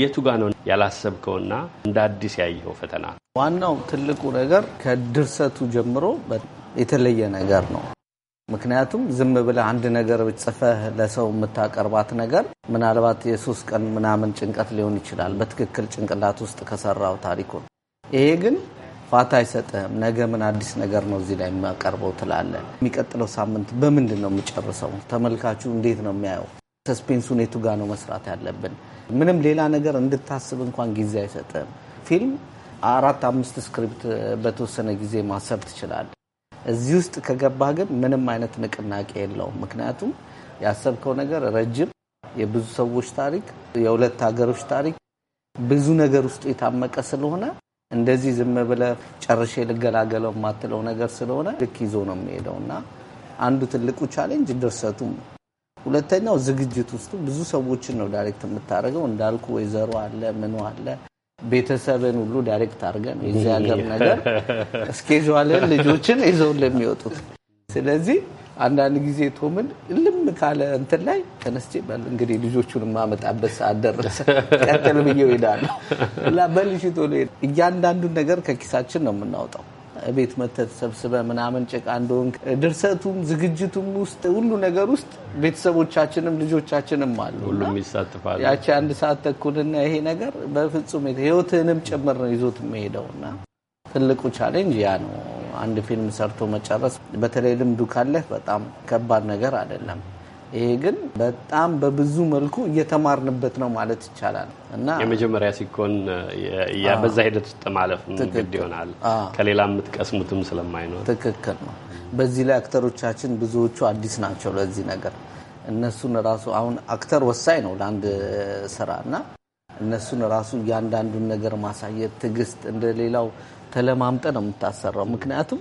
የቱ ጋ ነው ያላሰብከውና እንደ አዲስ ያየኸው ፈተና? ዋናው ትልቁ ነገር ከድርሰቱ ጀምሮ የተለየ ነገር ነው። ምክንያቱም ዝም ብለህ አንድ ነገር ጽፈህ ለሰው የምታቀርባት ነገር ምናልባት የሶስት ቀን ምናምን ጭንቀት ሊሆን ይችላል፣ በትክክል ጭንቅላት ውስጥ ከሰራው ታሪኩን። ይሄ ግን ፋታ አይሰጥህም። ነገ ምን አዲስ ነገር ነው እዚህ ላይ የሚያቀርበው ትላለ የሚቀጥለው ሳምንት በምንድን ነው የሚጨርሰው? ተመልካቹ እንዴት ነው የሚያየው? ሰስፔንሱን የቱ ጋር ነው መስራት ያለብን? ምንም ሌላ ነገር እንድታስብ እንኳን ጊዜ አይሰጥህም። ፊልም አራት አምስት ስክሪፕት በተወሰነ ጊዜ ማሰብ ትችላለህ። እዚህ ውስጥ ከገባ ግን ምንም አይነት ንቅናቄ የለውም። ምክንያቱም ያሰብከው ነገር ረጅም የብዙ ሰዎች ታሪክ፣ የሁለት ሀገሮች ታሪክ ብዙ ነገር ውስጥ የታመቀ ስለሆነ እንደዚህ ዝም ብለ ጨርሼ ልገላገለው የማትለው ነገር ስለሆነ ልክ ይዞ ነው የሚሄደው እና አንዱ ትልቁ ቻሌንጅ ድርሰቱም፣ ሁለተኛው ዝግጅት ውስጡ ብዙ ሰዎችን ነው ዳይሬክት የምታደርገው እንዳልኩ፣ ወይዘሮ አለ ምኑ አለ ቤተሰብን ሁሉ ዳይሬክት አድርገን የዚህ ሀገር ነገር እስኬዥዋልን ልጆችን ይዘው ለሚወጡት ስለዚህ አንዳንድ ጊዜ ቶምን ልም ካለ እንትን ላይ ተነስቼ እንግዲህ ልጆቹን የማመጣበት ሰዓት ደረሰ ቀጥል ብዬ እሄዳለሁ እና በልሽ ቶሎ እያንዳንዱን ነገር ከኪሳችን ነው የምናወጣው። ቤት መተት ሰብስበ ምናምን ጭቃ እንደሆን ድርሰቱም ዝግጅቱም ውስጥ ሁሉ ነገር ውስጥ ቤተሰቦቻችንም ልጆቻችንም አሉ። ሁሉም ይሳተፋሉ። ያቺ አንድ ሰዓት ተኩልና ይሄ ነገር በፍጹም ህይወትህንም ጭምር ነው ይዞት የሚሄደውና ትልቁ ቻሌንጅ ያ ነው። አንድ ፊልም ሰርቶ መጨረስ በተለይ ልምዱ ካለህ በጣም ከባድ ነገር አይደለም። ይሄ ግን በጣም በብዙ መልኩ እየተማርንበት ነው ማለት ይቻላል። እና የመጀመሪያ ሲኮን በዛ ሂደት ውስጥ ማለፍ ግድ ይሆናል። ከሌላ የምትቀስሙትም ስለማይኖር ትክክል ነው። በዚህ ላይ አክተሮቻችን ብዙዎቹ አዲስ ናቸው ለዚህ ነገር። እነሱን ራሱ አሁን አክተር ወሳኝ ነው ለአንድ ስራ እና እነሱን ራሱ እያንዳንዱን ነገር ማሳየት ትዕግስት እንደሌላው ተለማምጠ ነው የምታሰራው። ምክንያቱም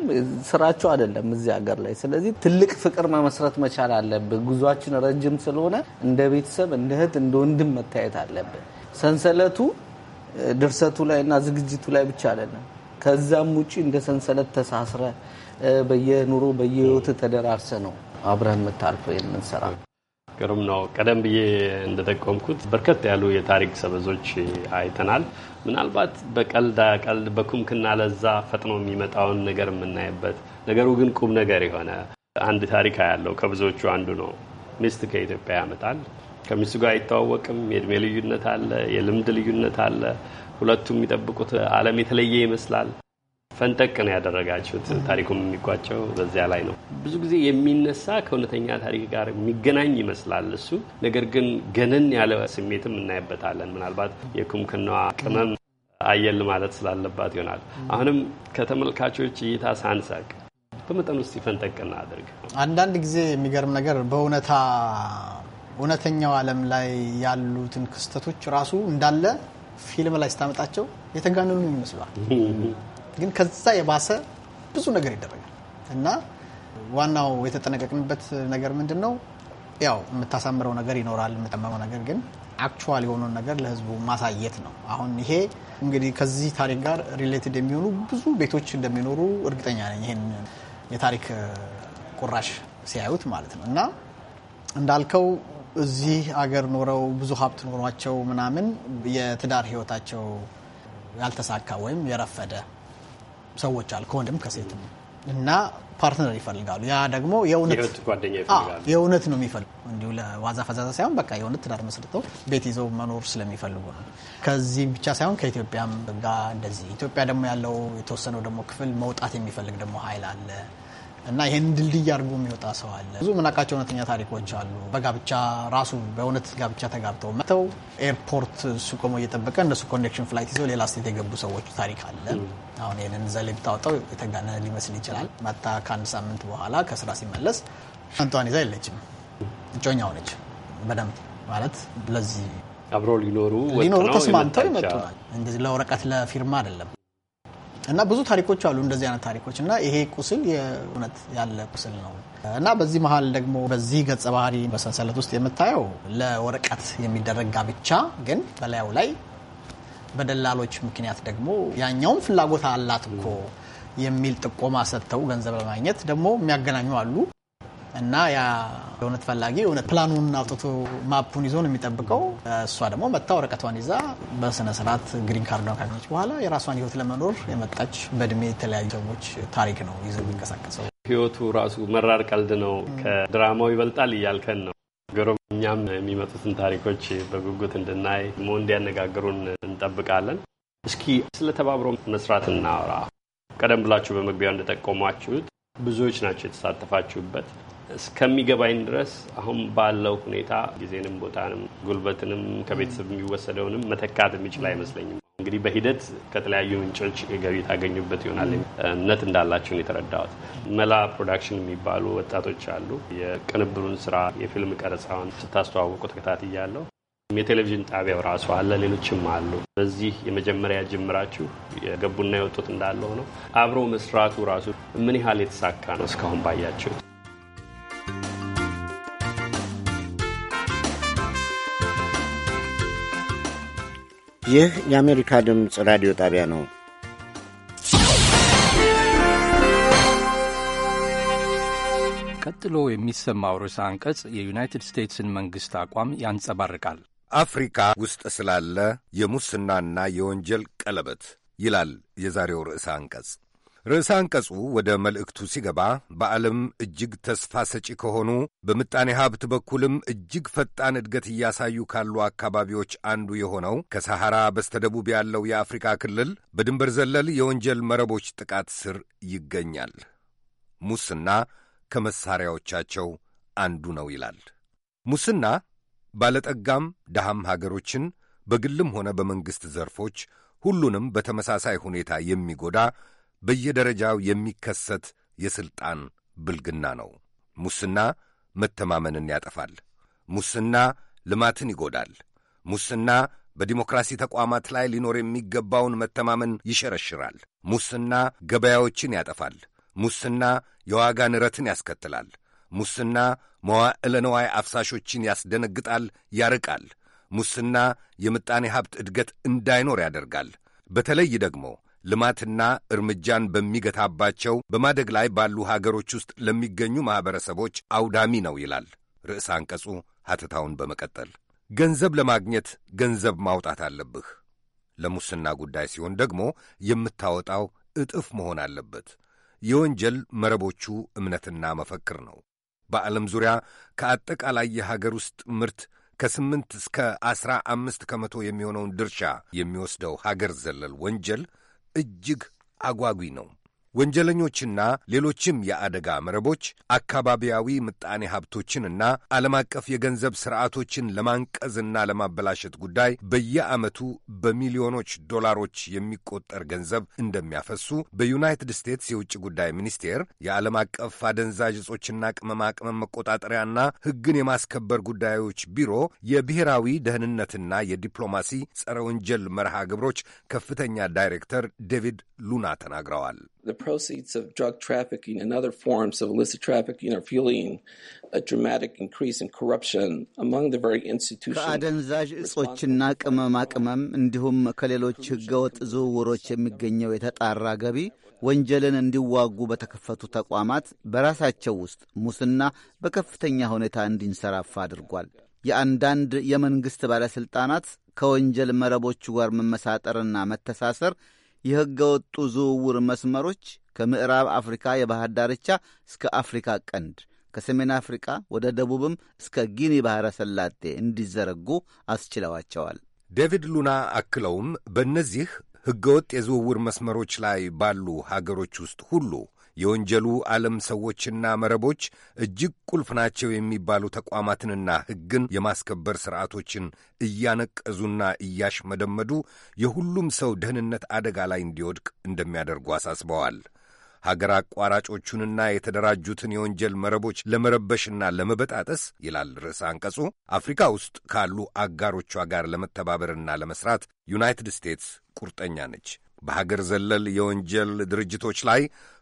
ስራቸው አይደለም እዚህ ሀገር ላይ። ስለዚህ ትልቅ ፍቅር መመስረት መቻል አለብህ። ጉዟችን ረጅም ስለሆነ እንደ ቤተሰብ፣ እንደ እህት፣ እንደ ወንድም መታየት አለብን። ሰንሰለቱ ድርሰቱ ላይ እና ዝግጅቱ ላይ ብቻ አይደለም። ከዛም ውጭ እንደ ሰንሰለት ተሳስረ በየኑሮ በየህይወት ተደራርሰ ነው አብረን የምታልፈው የምንሰራ ግሩም ነው። ቀደም ብዬ እንደጠቆምኩት በርከት ያሉ የታሪክ ሰበዞች አይተናል። ምናልባት በቀልዳ ቀልድ በኩምክና ለዛ ፈጥኖ የሚመጣውን ነገር የምናይበት ነገሩ ግን ቁም ነገር የሆነ አንድ ታሪክ ያለው ከብዙዎቹ አንዱ ነው። ሚስት ከኢትዮጵያ ያመጣል። ከሚስቱ ጋር አይተዋወቅም። የእድሜ ልዩነት አለ፣ የልምድ ልዩነት አለ። ሁለቱም የሚጠብቁት ዓለም የተለየ ይመስላል። ፈንጠቅ ነው ያደረጋችሁት። ታሪኩም የሚቋጨው በዚያ ላይ ነው። ብዙ ጊዜ የሚነሳ ከእውነተኛ ታሪክ ጋር የሚገናኝ ይመስላል እሱ። ነገር ግን ገነን ያለ ስሜትም እናይበታለን። ምናልባት የኩምክናዋ ቅመም አየል ማለት ስላለባት ይሆናል። አሁንም ከተመልካቾች እይታ ሳንሳቅ በመጠኑ ውስጥ ፈንጠቅ እናደርግ። አንዳንድ ጊዜ የሚገርም ነገር በእውነታ እውነተኛው ዓለም ላይ ያሉትን ክስተቶች ራሱ እንዳለ ፊልም ላይ ስታመጣቸው የተጋነኑ ይመስሏል። ግን ከዛ የባሰ ብዙ ነገር ይደረጋል እና ዋናው የተጠነቀቅንበት ነገር ምንድን ነው? ያው የምታሳምረው ነገር ይኖራል፣ የምጠመመው ነገር ግን አክቹዋል የሆነውን ነገር ለህዝቡ ማሳየት ነው። አሁን ይሄ እንግዲህ ከዚህ ታሪክ ጋር ሪሌትድ የሚሆኑ ብዙ ቤቶች እንደሚኖሩ እርግጠኛ ነኝ፣ ይህን የታሪክ ቁራሽ ሲያዩት ማለት ነው። እና እንዳልከው እዚህ አገር ኖረው ብዙ ሀብት ኖሯቸው ምናምን የትዳር ህይወታቸው ያልተሳካ ወይም የረፈደ ሰዎች አሉ ከወንድም ከሴትም እና ፓርትነር ይፈልጋሉ። ያ ደግሞ የእውነት ነው የሚፈልጉ እንዲሁ ለዋዛ ፈዛዛ ሳይሆን በቃ የእውነት ትዳር መስርተው ቤት ይዘው መኖር ስለሚፈልጉ ነው። ከዚህ ብቻ ሳይሆን ከኢትዮጵያም ጋር እንደዚህ ኢትዮጵያ ደግሞ ያለው የተወሰነው ደግሞ ክፍል መውጣት የሚፈልግ ደግሞ ኃይል አለ እና ይህን ድልድይ አድርጎ የሚወጣ ሰው አለ። ብዙ ምናቃቸው እውነተኛ ታሪኮች አሉ። በጋብቻ ራሱ በእውነት ጋብቻ ተጋብተው መተው ኤርፖርት እሱ ቆሞ እየጠበቀ እነሱ ኮኔክሽን ፍላይት ይዘው ሌላ ስቴት የገቡ ሰዎች ታሪክ አለ። አሁን ይህንን እዛ ላይ ብታወጣው የተጋነ ሊመስል ይችላል። መታ ከአንድ ሳምንት በኋላ ከስራ ሲመለስ አንቷን ይዛ የለችም፣ እጮኛ ሆነች። በደንብ ማለት ለዚህ አብረው ሊኖሩ ሊኖሩ ተስማምተው ይመጡናል። እንደዚህ ለወረቀት ለፊርማ አይደለም። እና ብዙ ታሪኮች አሉ እንደዚህ አይነት ታሪኮች እና ይሄ ቁስል የእውነት ያለ ቁስል ነው እና በዚህ መሀል ደግሞ በዚህ ገጸ ባህሪ በሰንሰለት ውስጥ የምታየው ለወረቀት የሚደረግ ጋብቻ ግን በላዩ ላይ በደላሎች ምክንያት ደግሞ ያኛውም ፍላጎት አላት እኮ የሚል ጥቆማ ሰጥተው ገንዘብ ለማግኘት ደግሞ የሚያገናኙ አሉ። እና ያ ፈላጊ እውነት ፕላኑን አውጥቶ ማፑን ይዞ ነው የሚጠብቀው። እሷ ደግሞ መታ ወረቀቷን ይዛ በስነ ስርዓት ግሪን ካርዷን ካገኘች በኋላ የራሷን ህይወት ለመኖር የመጣች በእድሜ የተለያዩ ሰዎች ታሪክ ነው ይዞ የሚንቀሳቀሰው። ህይወቱ ራሱ መራር ቀልድ ነው፣ ከድራማው ይበልጣል እያልከን ነው። ገሮም እኛም የሚመጡትን ታሪኮች በጉጉት እንድናይ ሞ እንዲያነጋግሩን እንጠብቃለን። እስኪ ስለ ተባብሮ መስራት እናወራ። ቀደም ብላችሁ በመግቢያው እንደጠቆሟችሁት ብዙዎች ናቸው የተሳተፋችሁበት። እስከሚገባኝ ድረስ አሁን ባለው ሁኔታ ጊዜንም ቦታንም ጉልበትንም ከቤተሰብ የሚወሰደውንም መተካት የሚችል አይመስለኝም። እንግዲህ በሂደት ከተለያዩ ምንጮች ገቢ ታገኙበት ይሆናል እምነት እንዳላችሁን የተረዳሁት። መላ ፕሮዳክሽን የሚባሉ ወጣቶች አሉ። የቅንብሩን ስራ የፊልም ቀረጻውን ስታስተዋውቁ ተከታትያለሁ። የቴሌቪዥን ጣቢያው ራሱ አለ፣ ሌሎችም አሉ። በዚህ የመጀመሪያ ጅምራችሁ የገቡና የወጡት እንዳለ ሆነው አብሮ መስራቱ ራሱ ምን ያህል የተሳካ ነው እስካሁን ባያችሁት? ይህ የአሜሪካ ድምፅ ራዲዮ ጣቢያ ነው። ቀጥሎ የሚሰማው ርዕሰ አንቀጽ የዩናይትድ ስቴትስን መንግሥት አቋም ያንጸባርቃል። አፍሪካ ውስጥ ስላለ የሙስናና የወንጀል ቀለበት ይላል የዛሬው ርዕሰ አንቀጽ። ርዕሰ አንቀጹ ወደ መልእክቱ ሲገባ በዓለም እጅግ ተስፋ ሰጪ ከሆኑ በምጣኔ ሀብት በኩልም እጅግ ፈጣን እድገት እያሳዩ ካሉ አካባቢዎች አንዱ የሆነው ከሰሐራ በስተደቡብ ያለው የአፍሪካ ክልል በድንበር ዘለል የወንጀል መረቦች ጥቃት ስር ይገኛል። ሙስና ከመሳሪያዎቻቸው አንዱ ነው ይላል። ሙስና ባለጠጋም ደሃም ሀገሮችን በግልም ሆነ በመንግሥት ዘርፎች ሁሉንም በተመሳሳይ ሁኔታ የሚጎዳ በየደረጃው የሚከሰት የሥልጣን ብልግና ነው። ሙስና መተማመንን ያጠፋል። ሙስና ልማትን ይጎዳል። ሙስና በዲሞክራሲ ተቋማት ላይ ሊኖር የሚገባውን መተማመን ይሸረሽራል። ሙስና ገበያዎችን ያጠፋል። ሙስና የዋጋ ንረትን ያስከትላል። ሙስና መዋዕለ ነዋይ አፍሳሾችን ያስደነግጣል፣ ያርቃል። ሙስና የምጣኔ ሀብት እድገት እንዳይኖር ያደርጋል። በተለይ ደግሞ ልማትና እርምጃን በሚገታባቸው በማደግ ላይ ባሉ ሀገሮች ውስጥ ለሚገኙ ማኅበረሰቦች አውዳሚ ነው ይላል ርዕሰ አንቀጹ ሐተታውን በመቀጠል ገንዘብ ለማግኘት ገንዘብ ማውጣት አለብህ። ለሙስና ጉዳይ ሲሆን ደግሞ የምታወጣው እጥፍ መሆን አለበት። የወንጀል መረቦቹ እምነትና መፈክር ነው። በዓለም ዙሪያ ከአጠቃላይ የሀገር ውስጥ ምርት ከስምንት እስከ ዐሥራ አምስት ከመቶ የሚሆነውን ድርሻ የሚወስደው ሀገር ዘለል ወንጀል እጅግ አጓጊ ነው። ወንጀለኞችና ሌሎችም የአደጋ መረቦች አካባቢያዊ ምጣኔ ሀብቶችንና ዓለም አቀፍ የገንዘብ ሥርዓቶችን ለማንቀዝና ለማበላሸት ጉዳይ በየዓመቱ በሚሊዮኖች ዶላሮች የሚቆጠር ገንዘብ እንደሚያፈሱ በዩናይትድ ስቴትስ የውጭ ጉዳይ ሚኒስቴር የዓለም አቀፍ አደንዛዥ እጾችና ቅመማ ቅመም መቆጣጠሪያና ሕግን የማስከበር ጉዳዮች ቢሮ የብሔራዊ ደህንነትና የዲፕሎማሲ ጸረ ወንጀል መርሃ ግብሮች ከፍተኛ ዳይሬክተር ዴቪድ ሉና ተናግረዋል። proceeds of drug trafficking and other forms of illicit trafficking are fueling a dramatic increase in corruption among the very institutions. ከአደንዛዥ እጾችና ቅመማ ቅመም እንዲሁም ከሌሎች ህገወጥ ዝውውሮች የሚገኘው የተጣራ ገቢ ወንጀልን እንዲዋጉ በተከፈቱ ተቋማት በራሳቸው ውስጥ ሙስና በከፍተኛ ሁኔታ እንዲንሰራፋ አድርጓል። የአንዳንድ የመንግሥት ባለሥልጣናት ከወንጀል መረቦቹ ጋር መመሳጠርና መተሳሰር የሕገ ወጡ ዝውውር መስመሮች ከምዕራብ አፍሪካ የባህር ዳርቻ እስከ አፍሪካ ቀንድ ከሰሜን አፍሪካ ወደ ደቡብም እስከ ጊኒ ባሕረ ሰላጤ እንዲዘረጉ አስችለዋቸዋል። ዴቪድ ሉና አክለውም በእነዚህ ሕገወጥ የዝውውር መስመሮች ላይ ባሉ ሀገሮች ውስጥ ሁሉ የወንጀሉ ዓለም ሰዎችና መረቦች እጅግ ቁልፍ ናቸው የሚባሉ ተቋማትንና ሕግን የማስከበር ሥርዓቶችን እያነቀዙና እያሽመደመዱ የሁሉም ሰው ደህንነት አደጋ ላይ እንዲወድቅ እንደሚያደርጉ አሳስበዋል። ሀገር አቋራጮቹንና የተደራጁትን የወንጀል መረቦች ለመረበሽና ለመበጣጠስ ይላል ርዕሰ አንቀጹ፣ አፍሪካ ውስጥ ካሉ አጋሮቿ ጋር ለመተባበርና ለመስራት ዩናይትድ ስቴትስ ቁርጠኛ ነች። በሀገር ዘለል የወንጀል ድርጅቶች ላይ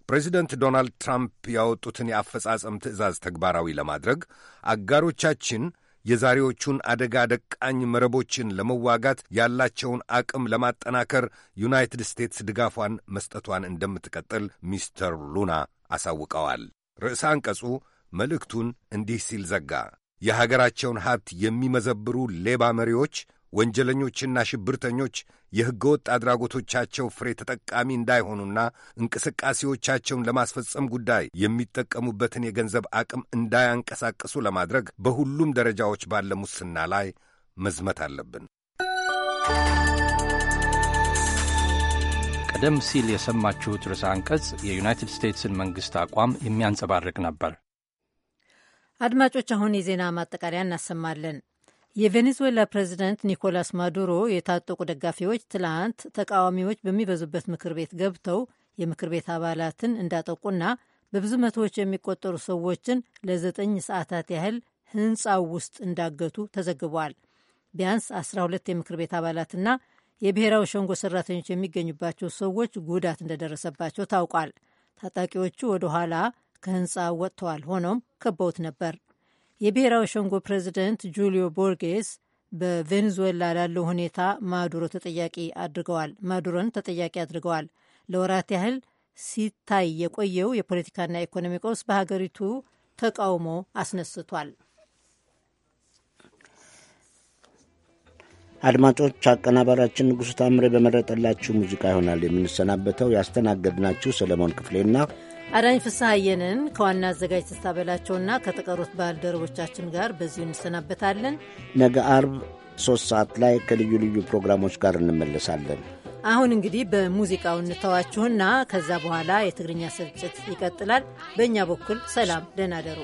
ፕሬዚደንት ዶናልድ ትራምፕ ያወጡትን የአፈጻጸም ትዕዛዝ ተግባራዊ ለማድረግ አጋሮቻችን የዛሬዎቹን አደጋ ደቃኝ መረቦችን ለመዋጋት ያላቸውን አቅም ለማጠናከር ዩናይትድ ስቴትስ ድጋፏን መስጠቷን እንደምትቀጥል ሚስተር ሉና አሳውቀዋል። ርዕሰ አንቀጹ መልእክቱን እንዲህ ሲል ዘጋ። የሀገራቸውን ሀብት የሚመዘብሩ ሌባ መሪዎች ወንጀለኞችና ሽብርተኞች ወጥ አድራጎቶቻቸው ፍሬ ተጠቃሚ እንዳይሆኑና እንቅስቃሴዎቻቸውን ለማስፈጸም ጉዳይ የሚጠቀሙበትን የገንዘብ አቅም እንዳያንቀሳቅሱ ለማድረግ በሁሉም ደረጃዎች ባለ ሙስና ላይ መዝመት አለብን። ቀደም ሲል የሰማችሁት ርዕሰ አንቀጽ የዩናይትድ ስቴትስን መንግሥት አቋም የሚያንጸባርቅ ነበር። አድማጮች፣ አሁን የዜና ማጠቃለያ እናሰማለን። የቬኔዙዌላ ፕሬዚደንት ኒኮላስ ማዱሮ የታጠቁ ደጋፊዎች ትላንት ተቃዋሚዎች በሚበዙበት ምክር ቤት ገብተው የምክር ቤት አባላትን እንዳጠቁና በብዙ መቶዎች የሚቆጠሩ ሰዎችን ለዘጠኝ ሰዓታት ያህል ህንፃው ውስጥ እንዳገቱ ተዘግቧል። ቢያንስ 12 የምክር ቤት አባላትና የብሔራዊ ሸንጎ ሰራተኞች የሚገኙባቸው ሰዎች ጉዳት እንደደረሰባቸው ታውቋል። ታጣቂዎቹ ወደ ኋላ ከህንፃ ወጥተዋል። ሆኖም ከበውት ነበር። የብሔራዊ ሸንጎ ፕሬዚደንት ጁሊዮ ቦርጌስ በቬኔዙዌላ ላለው ሁኔታ ማዱሮ ተጠያቂ አድርገዋል ማዱሮን ተጠያቂ አድርገዋል። ለወራት ያህል ሲታይ የቆየው የፖለቲካና ኢኮኖሚ ቀውስ በሀገሪቱ ተቃውሞ አስነስቷል። አድማጮች፣ አቀናባሪያችን ንጉሥ ታምሬ በመረጠላችሁ ሙዚቃ ይሆናል የምንሰናበተው። ያስተናገድናችሁ ሰለሞን ክፍሌና አዳኝ ፍስሐየንን ከዋና አዘጋጅ ትስታ ከተቀሩት ባልደረቦቻችን ጋር በዚሁ እንሰናበታለን። ነገ አርብ ሶስት ሰዓት ላይ ከልዩ ልዩ ፕሮግራሞች ጋር እንመለሳለን። አሁን እንግዲህ በሙዚቃው እንተዋችሁና ከዛ በኋላ የትግርኛ ስርጭት ይቀጥላል። በእኛ በኩል ሰላም፣ ደህና ደሩ።